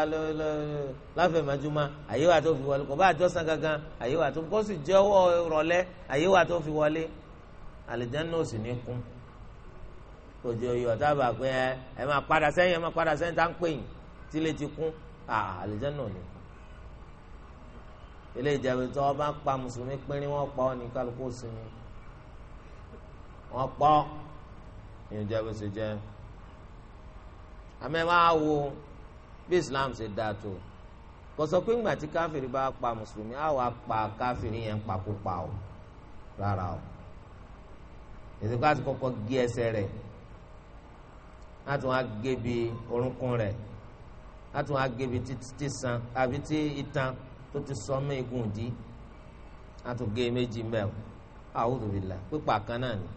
[SPEAKER 1] láfẹ̀mẹ́júmá àyè wà tó fi wọlé kò bá àjọsán gangan àyè wà tó kó sì jẹ́wọ́ rọ̀lẹ́ àyè wà tó fi wọlé àlìjáná ò sì ní kún òjò yọ̀ tábà pé ẹ ẹ máa padà sẹ́yìn ẹ máa padà sẹ́yìn tá ń pè yín tí lè ti kún àlìjáná ò ní kún ilé ìjàmbá tó pa mùsùlùmí pínrín wọn pa ọ ní kálukú sinmi wọ́n pọ̀ ìyẹn jẹ́ bó ṣe jẹ́ àmẹ́ wàá wo bí Islam ṣe dáa tó kò sọ pé ńgbà tí káfíìrì bá pa mùsùlùmí á wàá pa káfíìrì yẹn pakópa o rárá o ìsìnkú àti kọ́kọ́ gé ẹsẹ̀ rẹ̀ láti wọn á gé bi orúnkún rẹ̀ láti wọn á gé bi títí san àbí tí itan tó ti sọ mọ́ igun dí láti gé méjì mẹ́wọ̀ àwùjọ bìlà pípa kan náà ni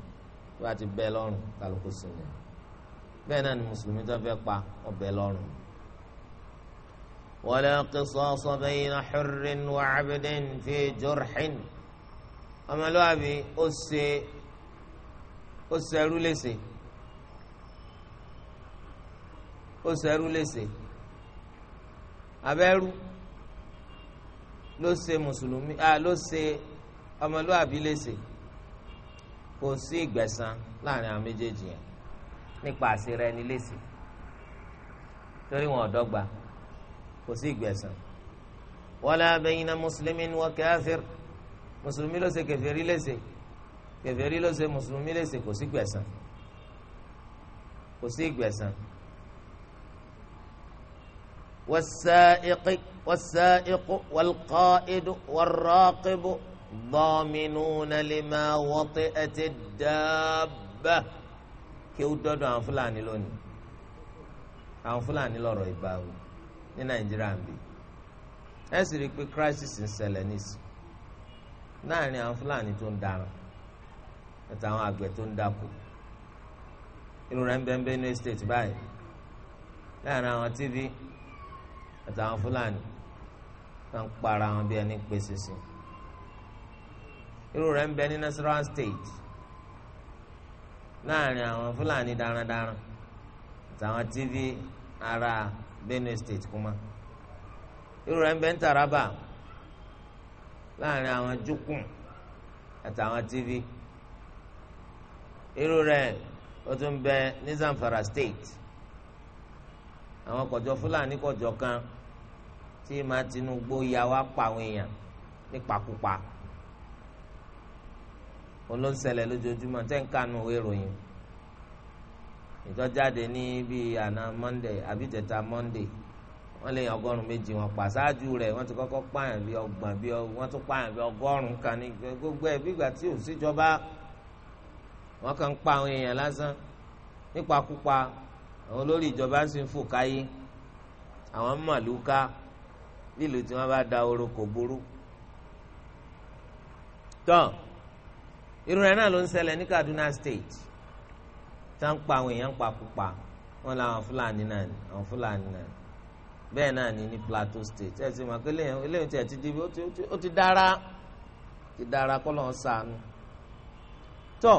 [SPEAKER 1] bí wàá ti bẹ lọ́rùn kálukú sinmi bẹ́ẹ̀ náà ni mùsùlùmí tó fẹ́ pa ọbẹ̀ lọ́rùn. wala qisas bayna hurrin wa abdin fi jurhin ọmọlúwàbí ó ṣe ó ṣẹrú léṣe ó ṣẹrú léṣe abẹ́rú ló ṣe mùsùlùmí ló ṣe ọmọlúwàbí léṣe kò sí ìgbẹ̀san láàrin àwọn méjèèjì yẹn nípa àṣírẹ ẹni léṣe torí wọn ò dọ́gba kò sí ìgbẹ̀san wala bayna muslimin wa kafir mùsùlùmí ló ṣe kèfèrí léṣe kèfèrí ló ṣe mùsùlùmí léṣe kò sí ìgbẹ̀san kò sí ìgbẹ̀san. والسائق والسائق والقائد والراقب dhaminuna lima wati'ati dabba kí ó dọ́dọ̀ àwọn fúlàní lónìí àwọn fúlàní lọ́rọ̀ ìbáwò ní nàìjíríà ń bì ẹ sì rí i pé crisis ń ṣẹlẹ̀ nísì láàrin àwọn fúlàní tó ń daràn àtàwọn àgbẹ̀ tó ń dáko irú rẹ̀ ń bẹ́ẹ̀ bẹ́ẹ̀ ní estate báyìí láàrin àwọn tv àtàwọn fúlàní tó ń para wọn bí ẹni pèsè sí i irú rẹ̀ ń bẹ ní Nasarawa state láàrin àwọn fúlàní darandaran àtàwọn TV ara Benue state kuma irú rẹ̀ ń bẹ ní Taraba láàrin àwọn jukun àtàwọn TV irú rẹ̀ ó tún bẹ ní Zamfara state àwọn kọjọ fúlàní kọjọ kan tí màá Tinubu yà wá pa àwọn èèyàn nípakúpa olóńsẹlẹ̀ lójoojúmọ́ tẹ́ ń kanu òwe ròyìn ìtọ́jáde ní bíi àná monday àbí tẹ̀ta monday wọ́n lé ọgọ́rùn-ún méjì wọn pa ṣáájú rẹ̀ wọ́n ti kọ́kọ́ pààyàn bíi ọgbọ̀n bíi wọ́n tún pààyàn bíi ọgọ́rùn-ún kan ní gbogbo ẹ̀ bí ìgbà tí ò síjọba wọ́n kàn ń pa àwọn èèyàn lásán nípakúpa àwọn olórí ìjọba ń sin fò káyé àwọn màlúkà nílùú tí wọ́n bá da oró kò burú tán. So, irun rẹ̀ náà ló ń ṣẹlẹ̀ ní Kaduna state tá ń pa àwọn èèyàn pakúpa wọn làwọn Fúlàní náà ni àwọn Fúlàní náà bẹ́ẹ̀ náà ni ní Plateau state ẹ̀ sì mọ̀ pé eléyìí tí ẹ̀ ti di ó ti dára ti dára kọ́ lọ́n sànù tọ́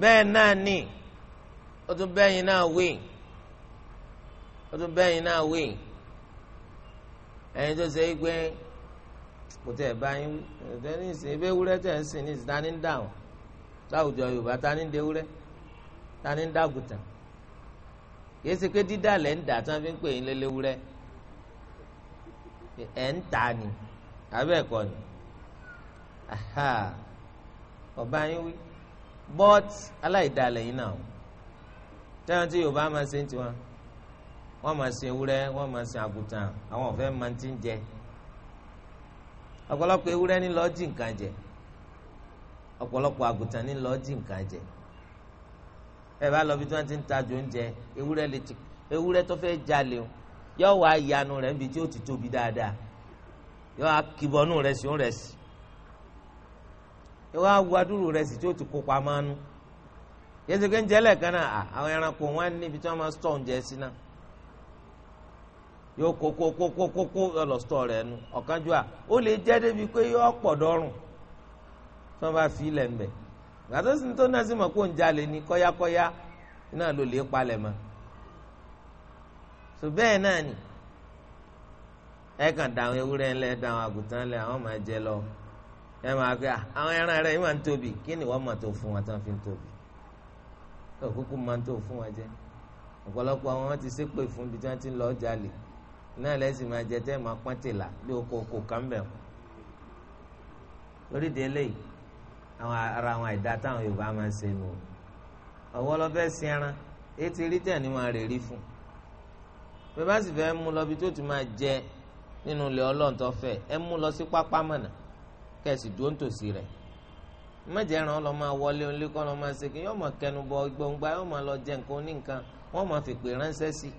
[SPEAKER 1] bẹ́ẹ̀ náà ni ó tún bẹ́yìn náà wé ó tún bẹ́yìn náà wé ẹ̀yin tó ṣe é pé kò tẹ̀ báyìí wí ẹ̀fẹ́ ní ìsìn ebe ewúrẹ́ tẹ̀ ń sìn ní ìsìn tani ń dà wọ́n láwùjọ yorùbá tani ń de ewúrẹ́ tani ń dàgùtàn kìí ṣe pé dídà lẹ́ ń dà tí wọ́n fi ń pè yín lélẹ́wúrẹ́ ẹ̀ ń tà ní abẹ́ ẹ̀kọ́ ni ọba yín wí but aláìdálẹ̀ yín náà tẹ́wọ́n tí yorùbá máa ṣe ń tiwọn wọ́n máa ṣe ewúrẹ́ wọ́n máa ṣe àgùtàn àwọn ọ̀fẹ́ máa ti ń jẹ ọ̀pọ̀lọpọ̀ ewúrẹ́ ní lọ jí nǹkan jẹ ọ̀pọ̀lọpọ̀ àgùntàn ní lọ jí nǹkan jẹ ẹ bá lọ bí tí wọ́n ti ń tajà oúnjẹ ewúrẹ́ lè ti ewúrẹ́ tó fẹ́ jalè o yóò wá rẹ̀ níbi tí ó ti tóbi dáadáa yọ wá kìbọnú rẹ̀ sí rẹ̀ sí wá wadúrú rẹ̀ sí tí ó ti kó pamọ́ yẹ́sẹ̀ ń jẹ́ lẹ́ẹ̀kan náà àwọn ẹranko wọn níbi tí wọ́n máa ń sọ oúnjẹ sí náà yóò kó kó kó kó kó kó ọlọ́sítọ́ rẹ̀ nu ọ̀kánjúà ó lè jẹ́ débi pé yóò pọ̀ tí fi ilẹ̀ ń bẹ̀ gbàtọ́ sí tó náà ni ẹ kàn dà àwọn ewúrẹ́ ńlẹ̀ àwọn àgùntàn ńlẹ̀ àwọn máa jẹ lọ ẹ máa fi àwọn ẹran yìí máa ń tóbi kí ni wọ́n máa tó fún wọn tán fi ń tóbi tó máa ń tó fún wọn jẹ ọ̀pọ̀lọpọ̀ àwọn ti ṣépè fún ibi tí wọ́n lọ jalè náà lẹ́sìn máa jẹ tẹ́ máa pọ́n tìlà bí oko oko kan bẹ̀ wọ́n. lórídìí eléyìí àwọn ara àwọn àìdá táwọn Yorùbá máa ṣe nù o ọwọ́ lọ fẹ́ sin ẹran etí rí tẹ̀ ni wọ́n rè rí fún bẹ́ẹ̀ bá sì fẹ́ mú lọ bí tó ti máa jẹ nínú ilẹ̀ Ọlọ́run tó fẹ́ ẹ mú lọ sí pápá mọ̀nà kẹ̀sì dúró nítòsí rẹ̀ mẹjẹran lọ máa wọlé onílé kọ́ lọ máa ṣe kí yọ́ọ́ máa kẹnu bọ gbọ̀ngbà yọ́ọ́ máa lọ jẹ nǹkan oníǹkan wọ́n máa fìpè ránṣẹ́ sí i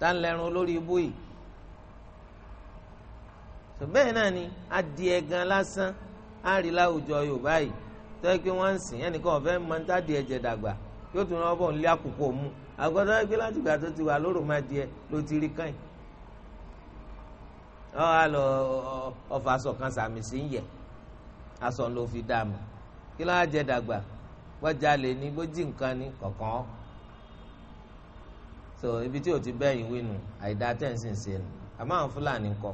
[SPEAKER 1] tá ń lẹ́run olórí ibú yìí tó bẹ́ẹ̀ náà ni adìẹ gan lásán á rí láwùjọ yorùbá yìí tó yẹ kí wọ́n ń sìn ẹnìkan ọ̀fẹ́ máa ń tàdí ẹ̀jẹ̀ dàgbà yóò tún náà bọ̀ ń lé àkókò mu àgọ́dọ̀ yẹ kí láti gbà tó ti wà lóru máa diẹ ló ti rí kàn yìí ọ alọ ọfà aṣọ kan sàmì sí ń yẹ aṣọ ló fi dà mí kí ló wá jẹ dàgbà wọ́n jalè ní bó nǹkan ní kọ̀ọ̀kan so ibi tí o ti bẹ́ẹ̀ ìwé nù àìdá tẹ̀sí ṣe nù àmọ́ àwọn fúlàní kọ.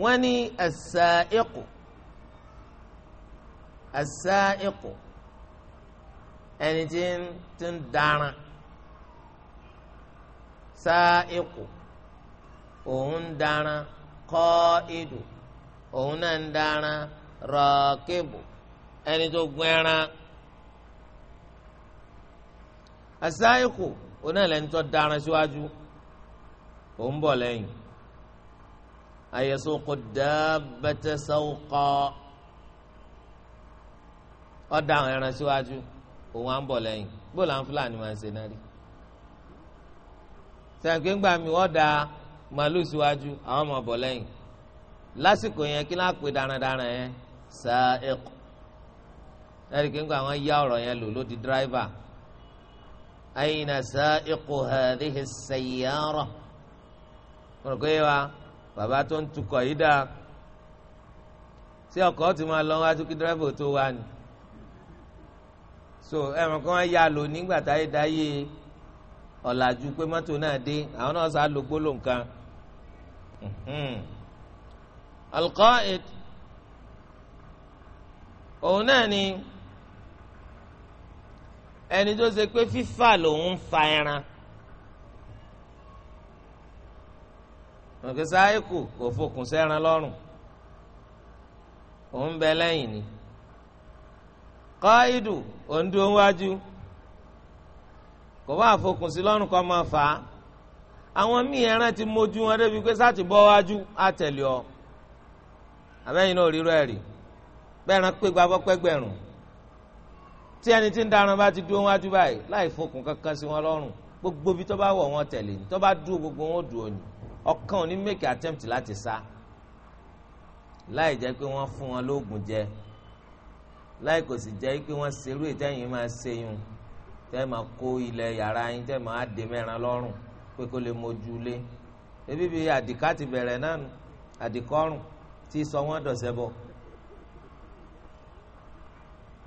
[SPEAKER 1] wọ́n ní as-sa'iqu as-sa'iqu ẹni tí ń ti ń daran sa'iqu òun ń daran qa'idu òun náà ń daran rakibu ẹni tó gbẹ́ran asáyíkù onílẹ̀ńtọ́ daran síwájú òun bọ̀ lẹ́yìn ayẹsọkọ dábẹtẹ sọkọ ọdà àwọn ẹran síwájú òun à ń bọ̀ lẹ́yìn bó làwọn fúlàní máa ń ṣe náà rí sàǹkì ńgbà mi wọ́n da màálù síwájú àwọn ọmọ bọ̀ lẹ́yìn lásìkò yẹn kí náà pè darandaran yẹn sáà ẹ̀kọ́ ẹ̀rí kí ńgbà wọn yá ọ̀rọ̀ yẹn lò ló di dírìvà أين سائق هذه السيارة؟ sayyara mo rò pé ما bàbá tó ń tukọ̀ so ẹ̀wọ̀n kan ya lò nígbà táyé dáyé ọ̀làjú pé mọ́tò náà dé àwọn náà sá lo gbólóhùn kan. al-qa'id òun náà ni. ẹni tó ṣe pé fífà lòun fa ẹran òkèsà àìkù kò fokùn sẹ́ran lọ́rùn òun bẹ lẹ́yìn ni kọ́ìdù òǹdó wájú kò bá fokùn sí lọ́rùn kọ́ máa fà á àwọn míì ẹran ti mójú wọn débi pé sáà ti bọ́ wájú àtẹ̀lé ọ abẹ́yìn náà rírọ ẹ̀rí bẹ́ẹ̀ rán pé gbàgbọ́ pẹ́gbẹ̀rún. tí ẹni tí ń darun bá ti dúró wájú báyìí láì fokùn kankan sí wọn lọ́rùn gbogbo bí tó bá wọ̀ wọn tẹ̀lé ni tó bá dúró gbogbo wọn ò dúró ni ọkàn ò ní make attempt láti sá láì jẹ́ pé wọ́n fún wọn lóògùn jẹ láì kò sì jẹ́ pé wọ́n ṣerú ìtẹ́yìn máa ṣeyun tẹ́ máa kó ilẹ̀ yàrá yín tẹ́ máa dè mẹ́ran lọ́rùn pé kó lè mójú lé ebi bíi àdìká ti bẹ̀rẹ̀ náà àdìkọ́rùn tí sọ wọ́n dọ̀sẹ̀ bọ̀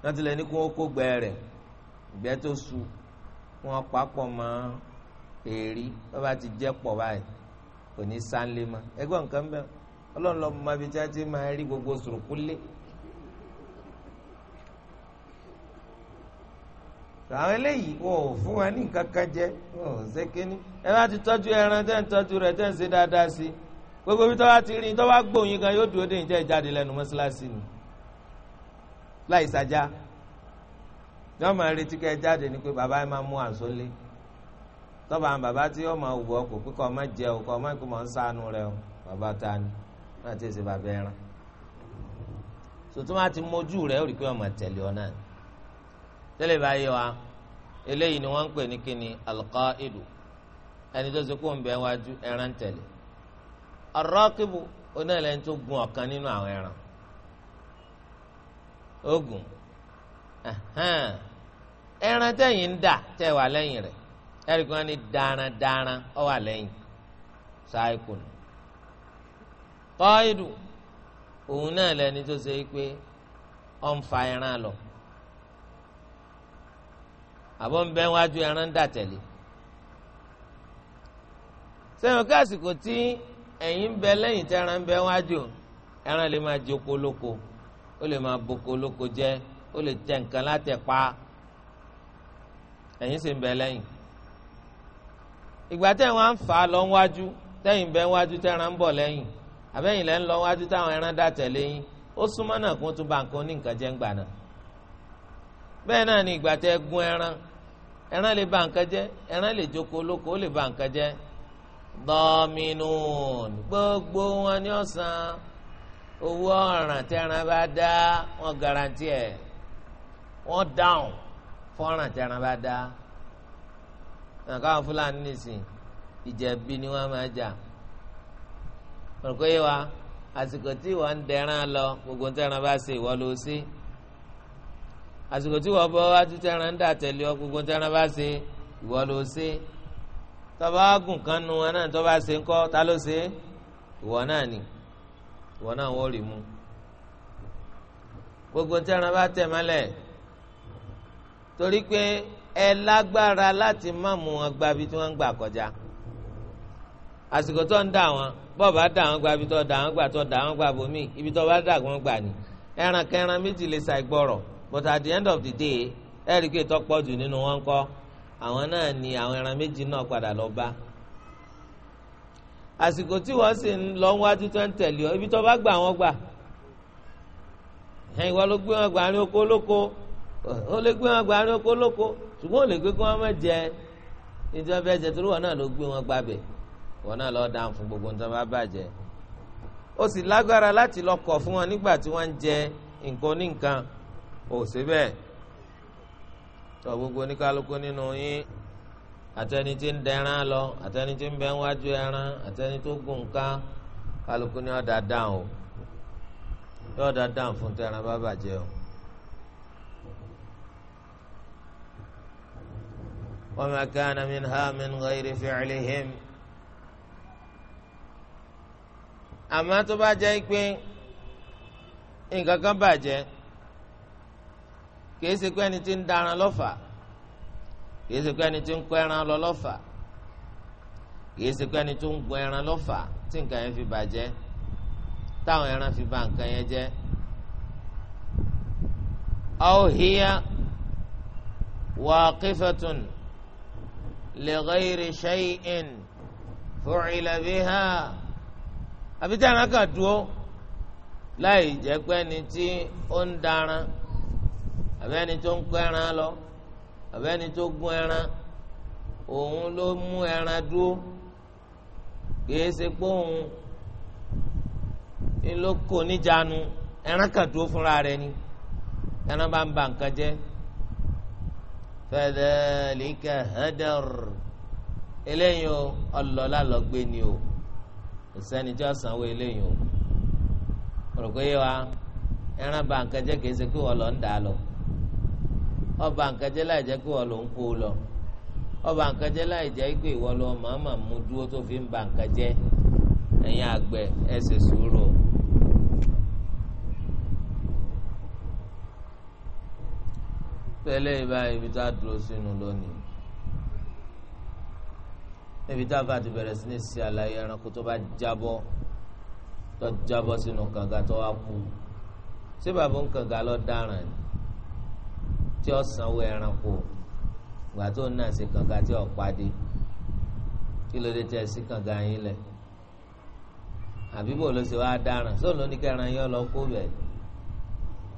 [SPEAKER 1] wọ́n ti lè ní kó kó gbẹ rẹ̀ ìgbẹ́ tó su wọ́n papọ̀ mọ́ èrí wọ́n bá ti jẹ́ pọ̀ báyìí kò ní sáńlé mọ́ ẹgbẹ́ nǹkan bẹ́ẹ̀ ọlọ́run lọ mọ abijá tí máa rí gbogbo sùrùkú lé. àwọn eléyìí wọn ò fún wa ní nǹkan kan jẹ wọn ò ṣe kínní ẹ bá ti tọ́jú ẹran tẹ́ ń tọ́jú rẹ̀ tẹ́ ń ṣe dáadáa sí i gbogbo bí tọ́ bá ti rí i tọ́ bá gbóyin gan yóò dúró dé ìjẹ́ ìjáde lẹ́nu mọ́ṣáláṣí ni láì sájà ní ọmọ retí kẹ jáde ni pé bàbá yẹn máa mú àǹsó lé tọ́ba àwọn bàbá tí ọmọ òwò ọkọ̀ pé kọ́ ọmọ jẹ ọkọ̀ ọmọ ìkú máa ń sànù rẹ o bàbá ta ni náà ti ṣe bàbá ẹran sòtún máa ti mójú rẹ ó rí i pé ọmọ tẹ̀lé ọ náà tẹ́lẹ̀ báyìí wa eléyìí ni wọ́n ń pè ní kíni alqaidu ẹni tó ṣe kó ń bẹ wájú ẹran tẹ̀lé arraqibu onáìlẹ́ni tó gun ọ̀kan nínú àwọn ẹran ogun ẹran tẹ̀yìn ń dà tẹ̀ wà lẹ́yìn rẹ̀ ẹ̀rí kan ní darandaran ọ wà lẹ́yìn ṣáìkù nù. tọ́ìdù òun náà lẹni tó ṣe pé ọ ń fa ẹran lọ àbọ̀ ń bẹ́ wájú ẹran ń dà tẹ̀lé sẹ́yìn ká àsìkò tí ẹ̀yìn ń bẹ lẹ́yìn tẹ́ran ń bẹ wájú ẹran lè máa jẹ́ okòólókòó. ó lè máa boko olóko jẹ ó lè tẹ nǹkan lati pa ẹyin sì ń bẹ lẹ́yìn ìgbà tẹ̀ á ń fà á lọ wájú tẹ̀yìn bẹ́ wájú tẹ̀ran ń bọ̀ lẹ́yìn àbẹ́yìn lẹ́ ń lọ wájú táwọn ẹran dà tẹ̀lé yín ó súnmọ́ náà kó tún bá nǹkan ní nǹkan jẹ́ ń gbà ni ìgbà gun ẹran ẹran lè ba nǹkan jẹ́ ẹran lè joko olóko ó lè ba nǹkan jẹ́ gbogbo wọn owó ọ̀ràn tẹ́ran bá dá wọ́n garanti ẹ̀ wọ́n dáhùn fọ́ràn tẹ́ran bá dá nàkàwọn fúlàní nìsín ìjẹ̀bi ni wọ́n máa jà pẹ̀lú yé wa àsìkò tí wọ́n ń dẹran lọ gbogbo tẹ́ran bá ṣe ìwọ ló sí àsìkò tí wọ́n bọ́ wájú tẹ́ran ń dà tẹ̀lé ọ gbogbo tẹ́ran bá ṣe ìwọ ló sí tọ́ba gùn kan nu wọn náà tọ́ba ṣe ń kọ́ ta ló ṣe ìwọ náà ni ìwọ náà wọ́n rí mu gbogbo tí ẹran bá tẹ̀ mọ́lẹ̀ torí pé ẹ lágbára láti má mú wọn gba ibi tí wọ́n ń gbà kọjá àsìkò tó ń dà wọn bọ́ọ̀bá dà wọn gba ibi tó dà wọn gbà tó dà wọn gbà bòmí ibi tó bá dà wọn gbà ní ẹran kẹran méjì lè ṣàìgbọrọ̀ but at the end of the day ẹ rí i pé ìtọ́pọ̀ jù nínú wọn kọ́ àwọn náà ni àwọn ẹran méjì náà padà lọ bá àsìkò tí wọ́n sì ń lọ wájú tó ń tẹ̀lé ọ ibi tó bá gbà wọ́n gbà ẹ̀yìn wọ́n ló gbé wọn gbà àárín oko lóko ó lè gbé wọn gbà àárín oko lóko ṣùgbọ́n ò lè gbé kí wọ́n má jẹ nítorí wọn fẹ́ jẹ torí wọn náà ló gbé wọn gbàbẹ̀ wọn náà lọ́ọ́ dáhùn fún gbogbo nítorí bá bàjẹ́ ó sì lágbára láti lọ kọ̀ fún wọn nígbà tí wọ́n ń jẹ nǹkan oníǹkan ò sí bẹ́ẹ̀ gbogbo oníkálukú nínú yín àtẹni tí ń dẹran lọ àtẹni tí ń bẹ wájú ẹran àtẹni tó gùn ká kálukú ni ọ̀dà dáhùn o yóò ọ̀dà dáhùn fún tẹran bá bàjẹ́ o. وما كان منها من غير فعلهم àmọ́ tó bá jẹ́ pé nǹkan kan bàjẹ́ kì í ṣe pé kìí ṣe pé ẹni tí ń kó ẹran lọ lọ́fà kìí ṣe pé ẹni tó ń gun ẹran lọ́fà tí nǹkan yẹn fi bàjẹ́ táwọn ẹran fi ba nǹkan yẹn jẹ́ aw hiya waqifatun li ghayri shay'in fu'ila biha àbí tí ẹran kà dúró láì jẹ́ pé ẹni tí ó ń daran àbí ẹni tó ń kó ẹran lọ. àbẹ́ni tó gún ẹran òun ló mú ẹran dúró kìí ṣe pé òun ló kò níjànú ẹran kan dúró fúnra rẹ ni ẹran bá ń ba nǹkan jẹ eléyìí o ọlọ́lá ni o eléyìí o wa ẹran ba nǹkan kìí ṣe pé lọ. ọba nǹkan jẹ́ láì jẹ́ pé ìwọ ló ń kó lọ ọba nǹkan jẹ́ láì jẹ́ pé ìwọ ló màmá mú dúró tó fi ń ba nǹkan jẹ́ ẹ̀yin àgbẹ̀ ẹ ṣe sùúrù. tẹ́lẹ̀ ìbá ibi tá a dúró sínú lónìí ibi tá a bá ti bẹ̀rẹ̀ sí ní sí àlàyé ẹranko tó bá jábọ́ tó jábọ́ sínú kànga tó wá kú sí bàbá ń kànga lọ dáràn ni tí ó sanwó ẹranko ìgbà tó ń náà ṣe kànga tí ó pàdé kí ló dé tẹ́ sí kànga yín lẹ̀ àbí bò ló ṣe wá dáràn sóò ló ní kẹran yín lọ kó bẹ̀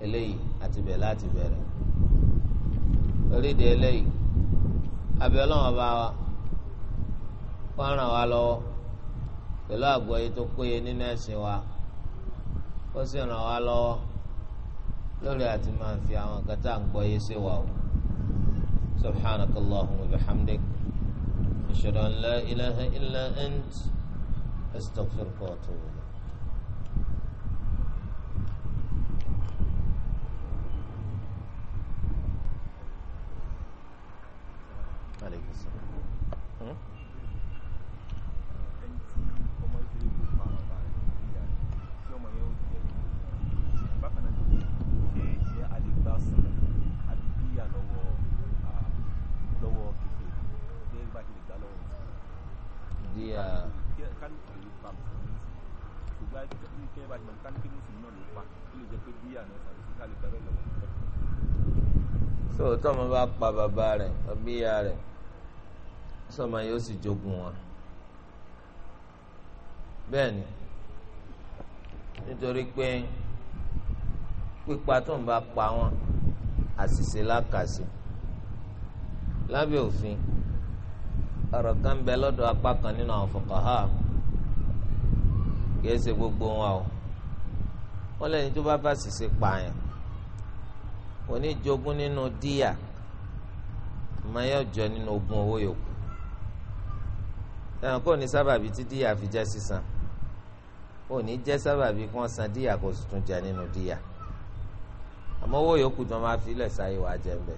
[SPEAKER 1] eléyìí àti bẹ̀ láti bẹ̀rẹ̀ orídìí eléyìí àbí ọlọ́wọ́n bá wa kó ràn wá lọ́wọ́ pẹ̀lú àgbọ́yé tó péye nínú ẹ̀sìn wa ó sì ràn wá lọ́wọ́. lórí àti máa fi àwọn nǹkan tá à ń gbọ́ yé sí wa o subhanaka allahumma bihamdik ashhadu an la ilaha illa ant astaghfiruka wa atubu ilayk. عليك السلام So, ní kẹ́ bá pa bàbá rẹ̀ ọbíyà rẹ̀ sọmọ yóò sì jogun wọn bẹ́ẹ̀ ni nítorí pé pípa tó ń bá pa wọn àṣìṣe lákàṣe lábẹ́ òfin ọ̀rọ̀ kan bẹ lọ́dọ̀ apá kan nínú àwọn fuqaha kìí ṣe gbogbo wọn o wọn lẹni tó bá bá ṣiṣẹ́ pààyàn kò ní jogún nínú díyà máa yọ jọ nínú ogún owó yòókù ẹnì kò ní sábàbí tí díyà fi jẹ́ sísan ò ní jẹ́ sábàbí kí wọ́n san díyà kó sì tún jẹ nínú díyà àmọ́ owó yòókù tó máa fi lẹ̀ sáyé wàá jẹ ńbẹ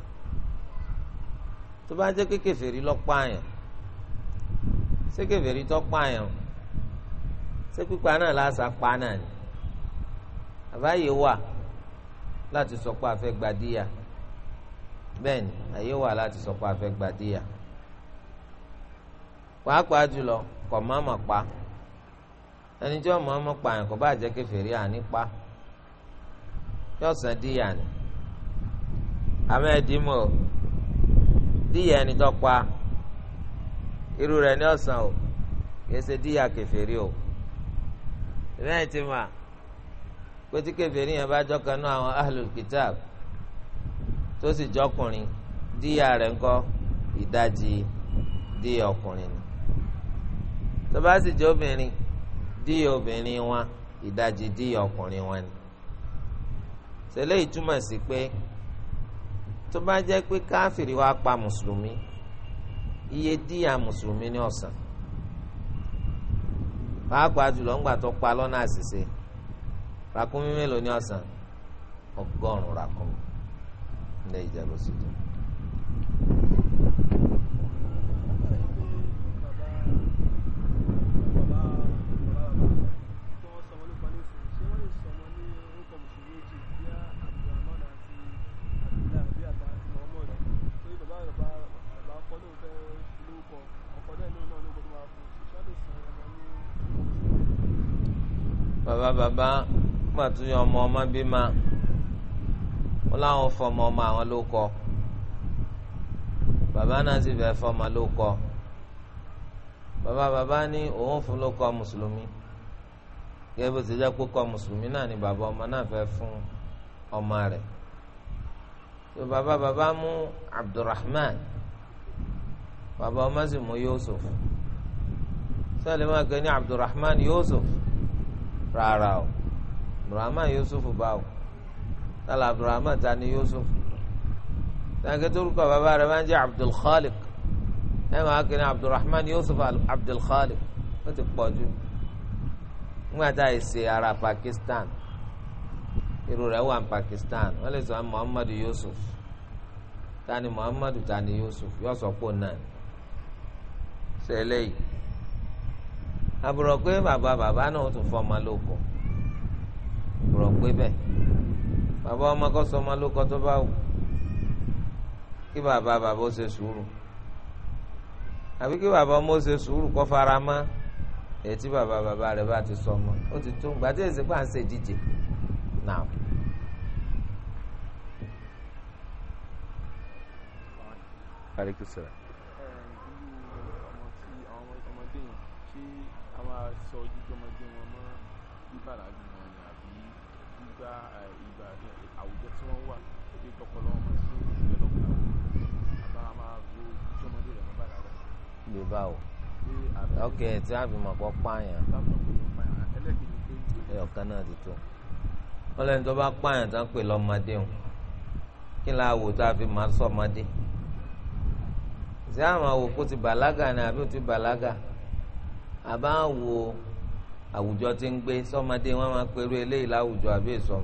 [SPEAKER 1] tó bá jẹ́ kékeré lọ́pàá yẹn ṣé kékeré tó pààyàn. ṣé pípa náà lásà pa náà ni àbáyé wà láti sọ pé a fẹ́ gbadíyà bẹ́ẹ̀ ni àyè wà láti sọ pé a fẹ́ gbadíyà pàápàá jùlọ kọ̀ pa ẹni tí ọmọ ọmọ pa yẹn kò bá jẹ́ kèfèrí àní pa yóò san díyà ni àmọ́ ẹ̀dín mọ̀ ẹni tó o kì í ṣe o. ìbẹ́ẹ̀ ti mà pété kébèrè yẹn bá jọkan náà àwọn ahlul kitab tó sì jọkùnrin díyà rẹ̀ ńkọ́ ìdajì díyà ọkùnrin ni tó bá sì jẹ́ obìnrin díyà obìnrin wọn ìdajì díyà ọkùnrin wọn ni ṣẹlẹ̀ ìtumọ̀ sí pé tó bá jẹ́ pé káfìrí wa pa mùsùlùmí iye díyà mùsùlùmí ní ọ̀sán pàápàá jùlọ ńgbà tó pa lọ́nà àṣìṣe ràkúnmí mélòó ní ọ̀sán ọgọ́rùn-ún ràkúnmí ilé ìjẹ́bù bàbá nígbà tó yọ ọmọ ọmọ bí ma wọn láwọn fọmọ ọmọ àwọn ló kọ bàbá náà sì fẹ́ fọmọ ló kọ bàbá bàbá ní òun fún ló kọ mùsùlùmí gẹ́gẹ́ bó ti jẹ́ pé kọ mùsùlùmí náà ni bàbá ọmọ náà fẹ́ fún ọmọ rẹ̀ tó bàbá bàbá mú Abdulrahman bàbá ọmọ sì mú Yusuf sọ́ọ̀lì máa gbé ní Abdulrahman Yusuf rárá o abdulrahman yusuf báwo tala abdulrahman ta ni yusuf sanke torúkọ bàbá rẹ̀ máa ń jẹ́ abdulkhalik ẹ máa kiri abdulrahman yusuf abdulkhalik ó ti pọ̀ jù nígbà tá a yìí ṣe ara pakistan irú rẹ̀ wà ní pakistan wọ́n lè sọ muhammadu yusuf ta ni muhammadu ta ni yusuf yóò sọ pé náà ṣe eléyìí àbúrò pé bàbá bàbá náà tún fọmọ lóko àbúrò pé bẹ́ẹ̀ bàbá ọmọ kọ́ sọmọ lóko tó bá wù kí bàbá bàbá ó ṣe sùúrù àbí kí bàbá ọmọ ó ṣe sùúrù kó fara mọ́ ètí bàbá bàbá rẹ̀ bá ti sọmọ ó ti tó gbàtí èsì pà ń ṣe díje náà. Aleykum salaam. sọ jíjọmọjọmọ mọ́ bíbàrà jùmọ̀ ni àbí gbígbá ìgbà àwùjọ tí wọ́n wà ebi tọkọlọ ọmọ sí ìgbẹ́ lọ́kùnrin àwọn àbá máa wo jíjọmọjọ rẹ̀ mọ́ bàrà rẹ̀. bí báwo ok tí a fi mọ̀ pọ́ pààyàn ẹ̀ọ̀kan náà ti tó wọ́n lẹ́nu tó bá pààyàn tán pè lọ́mọdé o kí la wò tó a fi máa sọ ṣé àwọn àwòkú ti bàlágà ni àbí ó ti bàlágà àbá wo àwùjọ ti ń gbé sọmọdé wọn máa pẹ̀lú eléyìí láwùjọ àbí èso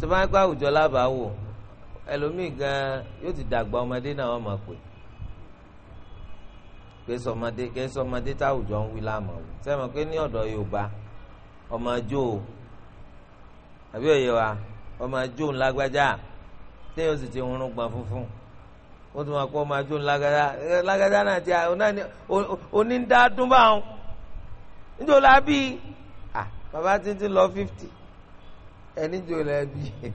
[SPEAKER 1] tó bá ń gbé àwùjọ lábàá wò ẹlòmíì gan yóò ti dàgbà ọmọdé náà wọn máa pè pé sọmọdé kẹ sọmọdé táwùjọ ń wí láàmú sẹ́mi pé ní ọ̀dọ̀ Yorùbá ọmọ ajó o àbí òye wa ọmọ ajó ń lágbájá téèyàn sì ti ń rún gbọn funfun ó tún máa kó ọmọ ajó lágbájá náà ti onídàádún báwọn níjó la bí ah bàbá títí lọ fifty ẹni jò la bí (laughs)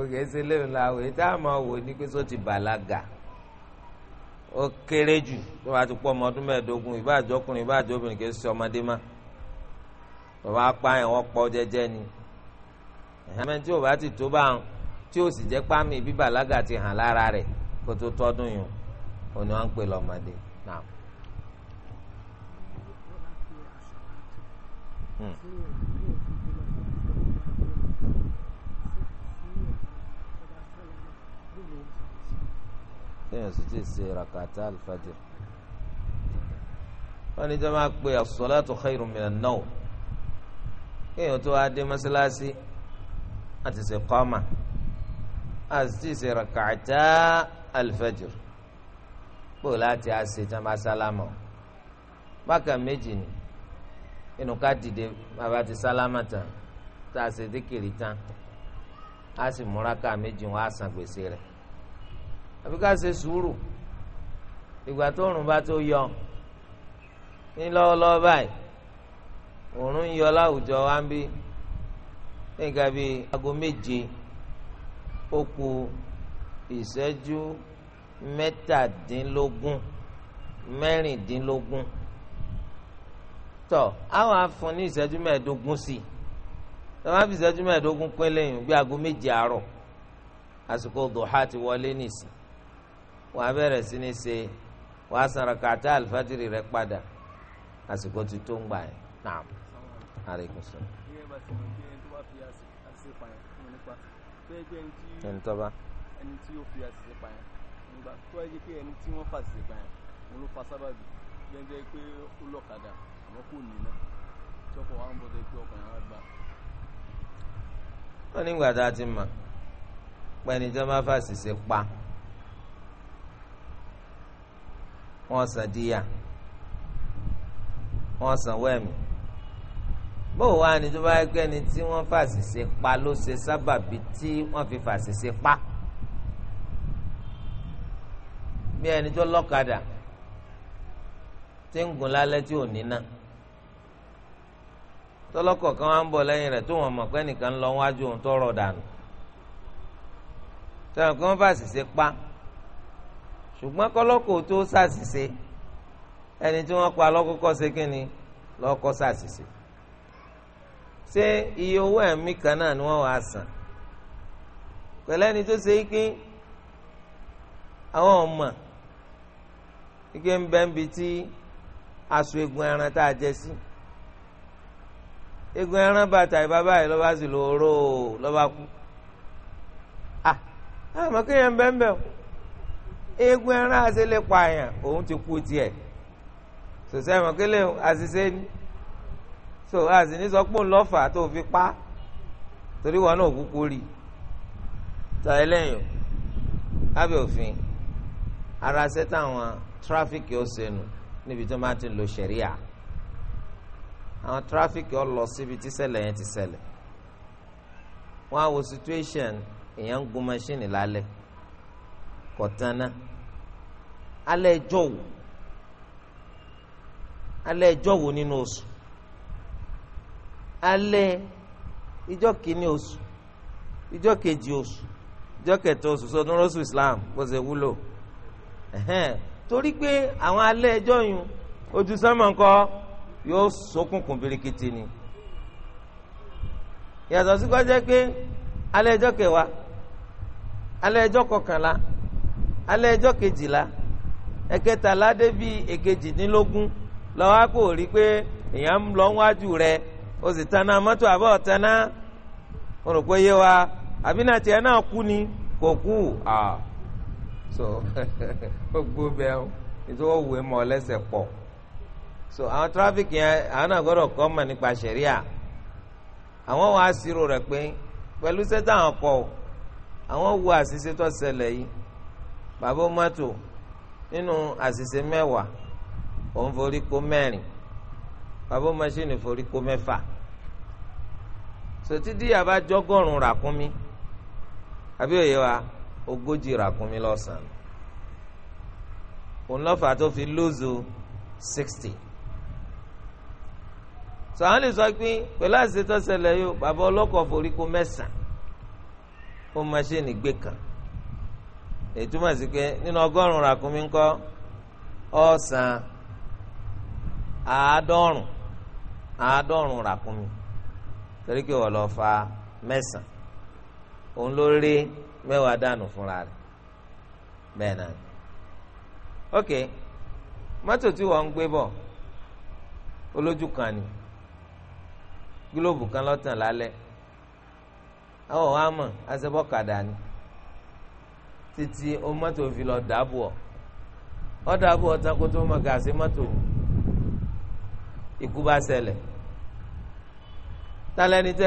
[SPEAKER 1] òkè ẹsẹ lẹ́yìn la wò ètò àmọ́ wò ní pé sọ ti bàlágà ó kéré jù tó bá ti pọ̀ ọmọ ọdún mẹ́ẹ̀ẹ́dógún ìbá àjọkùnrin ìbá àjọbìnrin kì í ṣe ọmọdé má bàbá apá yẹn wọ́n pọ̀ jẹ́jẹ́ ni ẹ̀hẹ́mẹ́ tí ò bá ti tó bá ń tí ò sì jẹ́ pámi bí bàlágà ti hàn lára rẹ̀ kó tó tọ́dún yìí òun ni wọ́n ń pè lọ́mọdé náà. téèyàn sì ti ṣe rakata alifajir wọ́n ní jẹ́ máa pe as-salatu khayrun minan nawm kéèyàn tó wáá dé mọ́sálásí àti ṣe rakata alifajir kó láti àṣetán máa sálámà bákan inú ká dìde bàbá ti sálámà tán tá a ṣe dékèrè tán a sì múra ká méjì wọn á san gbèsè rẹ̀ àbí ká ṣe sùúrù ìgbà tó òrùn bá tó yọ ní lọ́wọ́lọ́wọ́ báyìí òrùn yọ láwùjọ wa ń bí nígbà bíi aago méje ó kù ìṣẹ́jú mẹ́tàdínlógún mẹ́rìndínlógún tọ̀ àwọn afun ní ìṣẹ́jú mẹ́ẹ̀ẹ́dógún sí i wọ́n fi ìṣẹ́jú mẹ́ẹ̀ẹ́dógún pín lẹ́yìn bí aago méje àárọ̀ àsìkò dùhà ti wọlé nìsín wọ́n á sí ní ṣe wọ́n á san rakata alifájìrì padà àsìkò ti tó ń gbà yẹn náà sọ. ẹni tó bá ẹni tí fi àṣìṣe nígbà tó ẹ pé ẹni tí ṣùgbọ́n kò ní náà tí ọkọ̀ wa ń bọ̀ tẹ́ pé ọkọ̀ yẹn wọ́n nígbà tá a ti mọ̀ pẹ́ni tí wọ́n bá fàṣìṣe pa wọ́n san díyà wọ́n san wẹ́ẹ̀mí bóò wá ni tó bá gbé ni tí wọ́n fàṣìṣe pa ló ṣe sábàbí tí wọ́n fi fàṣìṣe pa bí ẹni tó lọ́kadà tí ń gùn lálẹ́ tí ò ní náà tọlọkọ kan wá ń bọ̀ lẹ́yìn rẹ̀ tó wọn mọ̀ pé nìkan ń lọ wájú ohun tọrọ dànù sọ̀rọ̀ kí wọ́n bá ṣìṣe pa ṣùgbọ́n kọ́lọ́kọ̀ tó ṣàṣìṣe ẹni tí wọ́n pa lọ́kọ́kọ́ ṣe kí ni lọ́kọ́ ṣàṣìṣe ṣé iye owó ẹ̀mí kan náà ni wọ́n wàá san pẹ̀lú ẹni tó ṣe é pé àwọn ọmọ ike ń bẹ́ẹ̀ bi tí aṣọ egun ẹran tá a jẹ sí. Si egun ẹran bàtà ìbá báyìí lọ́ba sì lò lọ́ba kú ah àmọ́ kéèyàn bẹ́ẹ̀nbẹ́ o egun ẹran àṣẹlẹ̀ pààyàn òun ti kú tiẹ̀ sòsẹ́ àmọ́ kéèlè àṣìṣe ni so àṣìní sọ pé òun lọ́fà tó fi pa torí wọn náà kúkú rí tọ́ ẹlẹ́yìn lábẹ́ òfin ara ṣẹ́ táwọn tráfíkì ó nù níbi tó máa ti lo ṣẹ̀ríà àwọn tráfíkì ọ lọ síbi tí ṣẹlẹ̀ yẹn ti ṣẹlẹ̀ wọ́n á situation èèyàn ń gun mọ́ṣíìnì lálẹ́ kọ̀tánná alẹ́ ẹjọ́ wò alẹ́ ẹjọ́ wò nínú oṣù alẹ́ ìjọ́ kìíní oṣù ìjọ́ kejì oṣù ìjọ́ kẹta oṣù sọdún Islam bó ṣe wúlò torí pé àwọn alẹ́ ẹjọ́ yun ojú sánmọ̀ ńkọ́. yóò sókùnkùn birikiti ni yàtọ̀ sí kọjá pé alẹ́ ẹjọ́ kẹwàá alẹ́ ẹjọ́ kọkànlá alẹ́ ẹjọ́ kejìlá ẹ̀kẹtàlá dé bí èkejìdínlógún lọ́wọ́ àpò rí pé èèyàn ń lọ wájú rẹ o sì tanná mọ́tò àbọ̀ tanná mo rò pé yé wa àbínà tiẹ̀ náà kú ni kò kú ah so (laughs) gbogbo bẹ́ẹ̀ o wọ́n wù ẹ́ mọ́ lẹ́sẹ̀ pọ̀. so àwọn traffic yẹn àwọn náà gbọ́dọ̀ kọ́ mọ̀ nípa ṣẹ̀ríà àwọn wàá ṣírò rẹ̀ pé pẹ̀lú sẹ́tà àwọn kọ̀ àwọn wo àṣìṣe tó ṣẹlẹ̀ yìí bàbá mọ́tò nínú àṣìṣe mẹ́wàá òun forí kó mẹ́rin bàbá mọ́ṣíìnì forí kó mẹ́fà sòtí díyà bá jọ́gọ́rùn-ún ràkúnmí àbí òye wa ogójì ràkúnmí lọ́sàn òun lọ́fà tó fi lóòzò sixty sọ̀hán lè sọ pé pẹ̀lú àṣetọ́sẹlẹ̀ yóò bàbá ọlọ́kọ̀ forí kó mẹ́sàn-án ó máṣíìnì gbé kan èyí túmọ̀ sí pé nínú ọgọ́rùn-ún ràkúnmí ńkọ́ ọ̀sán àádọ́rùn àádọ́rùn ràkúnmí torí pé wọ́n lọ fa mẹ́sàn-án òun ló rí mẹ́wàá dànù fúnra rẹ̀ bẹ́ẹ̀ náà ok mọ́tò tí wọ́n ń gbé bọ̀ olójú kan ni. gílóòbù kan lọ́tàn lálẹ́ àwọn wa mọ̀ àṣebọ́kadà ni títí o mọ́tò fi lọ dàbò ọ̀ ọ́ dàbò ọ̀ tán tó mọ̀ gàṣẹ mọ́tò ni ikú bá ṣẹlẹ̀ tẹ́ ẹni tí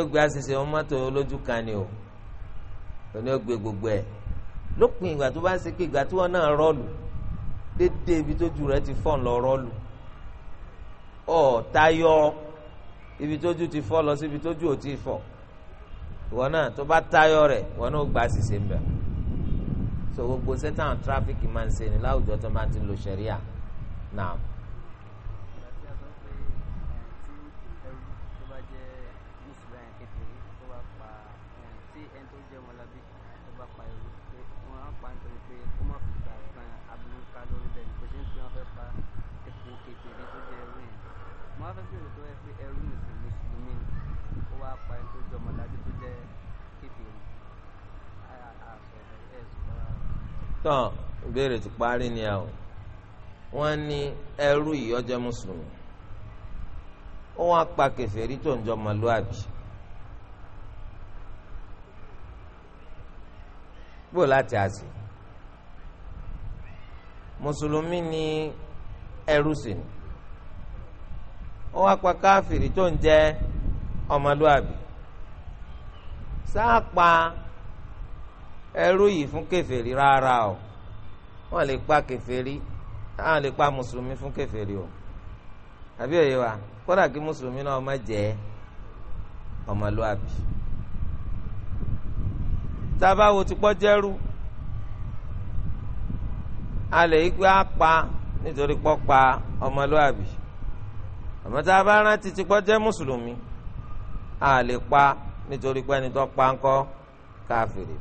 [SPEAKER 1] ó gbé àṣìṣe o mọ́tò olójú kan o gbé gbogbo ẹ̀ lópin ìgbà tó bá ṣe pé ìgbà tí wọ́n náà rọ́ọ̀lù ọ tayọ ibi tójú ti fọ́ lọ sí ibi tójú ò ti fọ́ ìwọ náà tó bá tayọ rẹ̀ ìwọ náà ó gbà ṣiṣẹ́ ń bẹ so gbogbo sẹtàn tráfíkì máa ń ṣe ní láwùjọ tó máa ti lo ṣẹríà náà. wá fẹ́ bèrè tó yẹ pé ẹrú nìsín mùsùlùmí ni ó wá pa ẹni tó jẹ ọmọlájú tó jẹ kékeré tán ìbéèrè ti parí ni a o wọ́n ní ẹrú yìí ó jẹ́ mùsùlùmí ó wá pa kèfèrí tó ń jọ ọmọlúàbí gbò láti àsè mùsùlùmí ni ẹrú sì ni. ó wá pa káfìrí tó ń jẹ ọmọlúàbí sáà pa ẹrú yìí fún kèfèrí rárá o wọ́n lè pa kèfèrí wọ́n lè pa mùsùlùmí fún kèfèrí o àbí òye wa kódà kí mùsùlùmí náà má jẹ ọmọlúàbí tábàwò ti pọ́ jẹ́rú a lè yí a pa nítorí pọ́ pa ọmọlúàbí àmọ́ tá a bá rántí mùsùlùmí a lè pa nítorí pé ẹni pa ń kọ́ káfìrì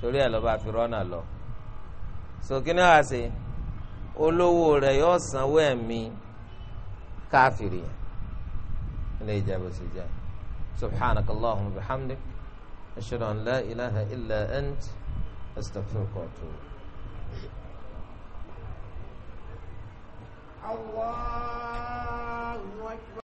[SPEAKER 1] torí ẹ̀ lọ́ba fi rọ́nà lọ. sòkínà àṣẹ olówó rẹ̀ yóò sanwó ẹ̀mí káfìrì yẹn ilé ìjẹ́bù sí jẹ́ subhanaka la ilaha illa ant الله أكبر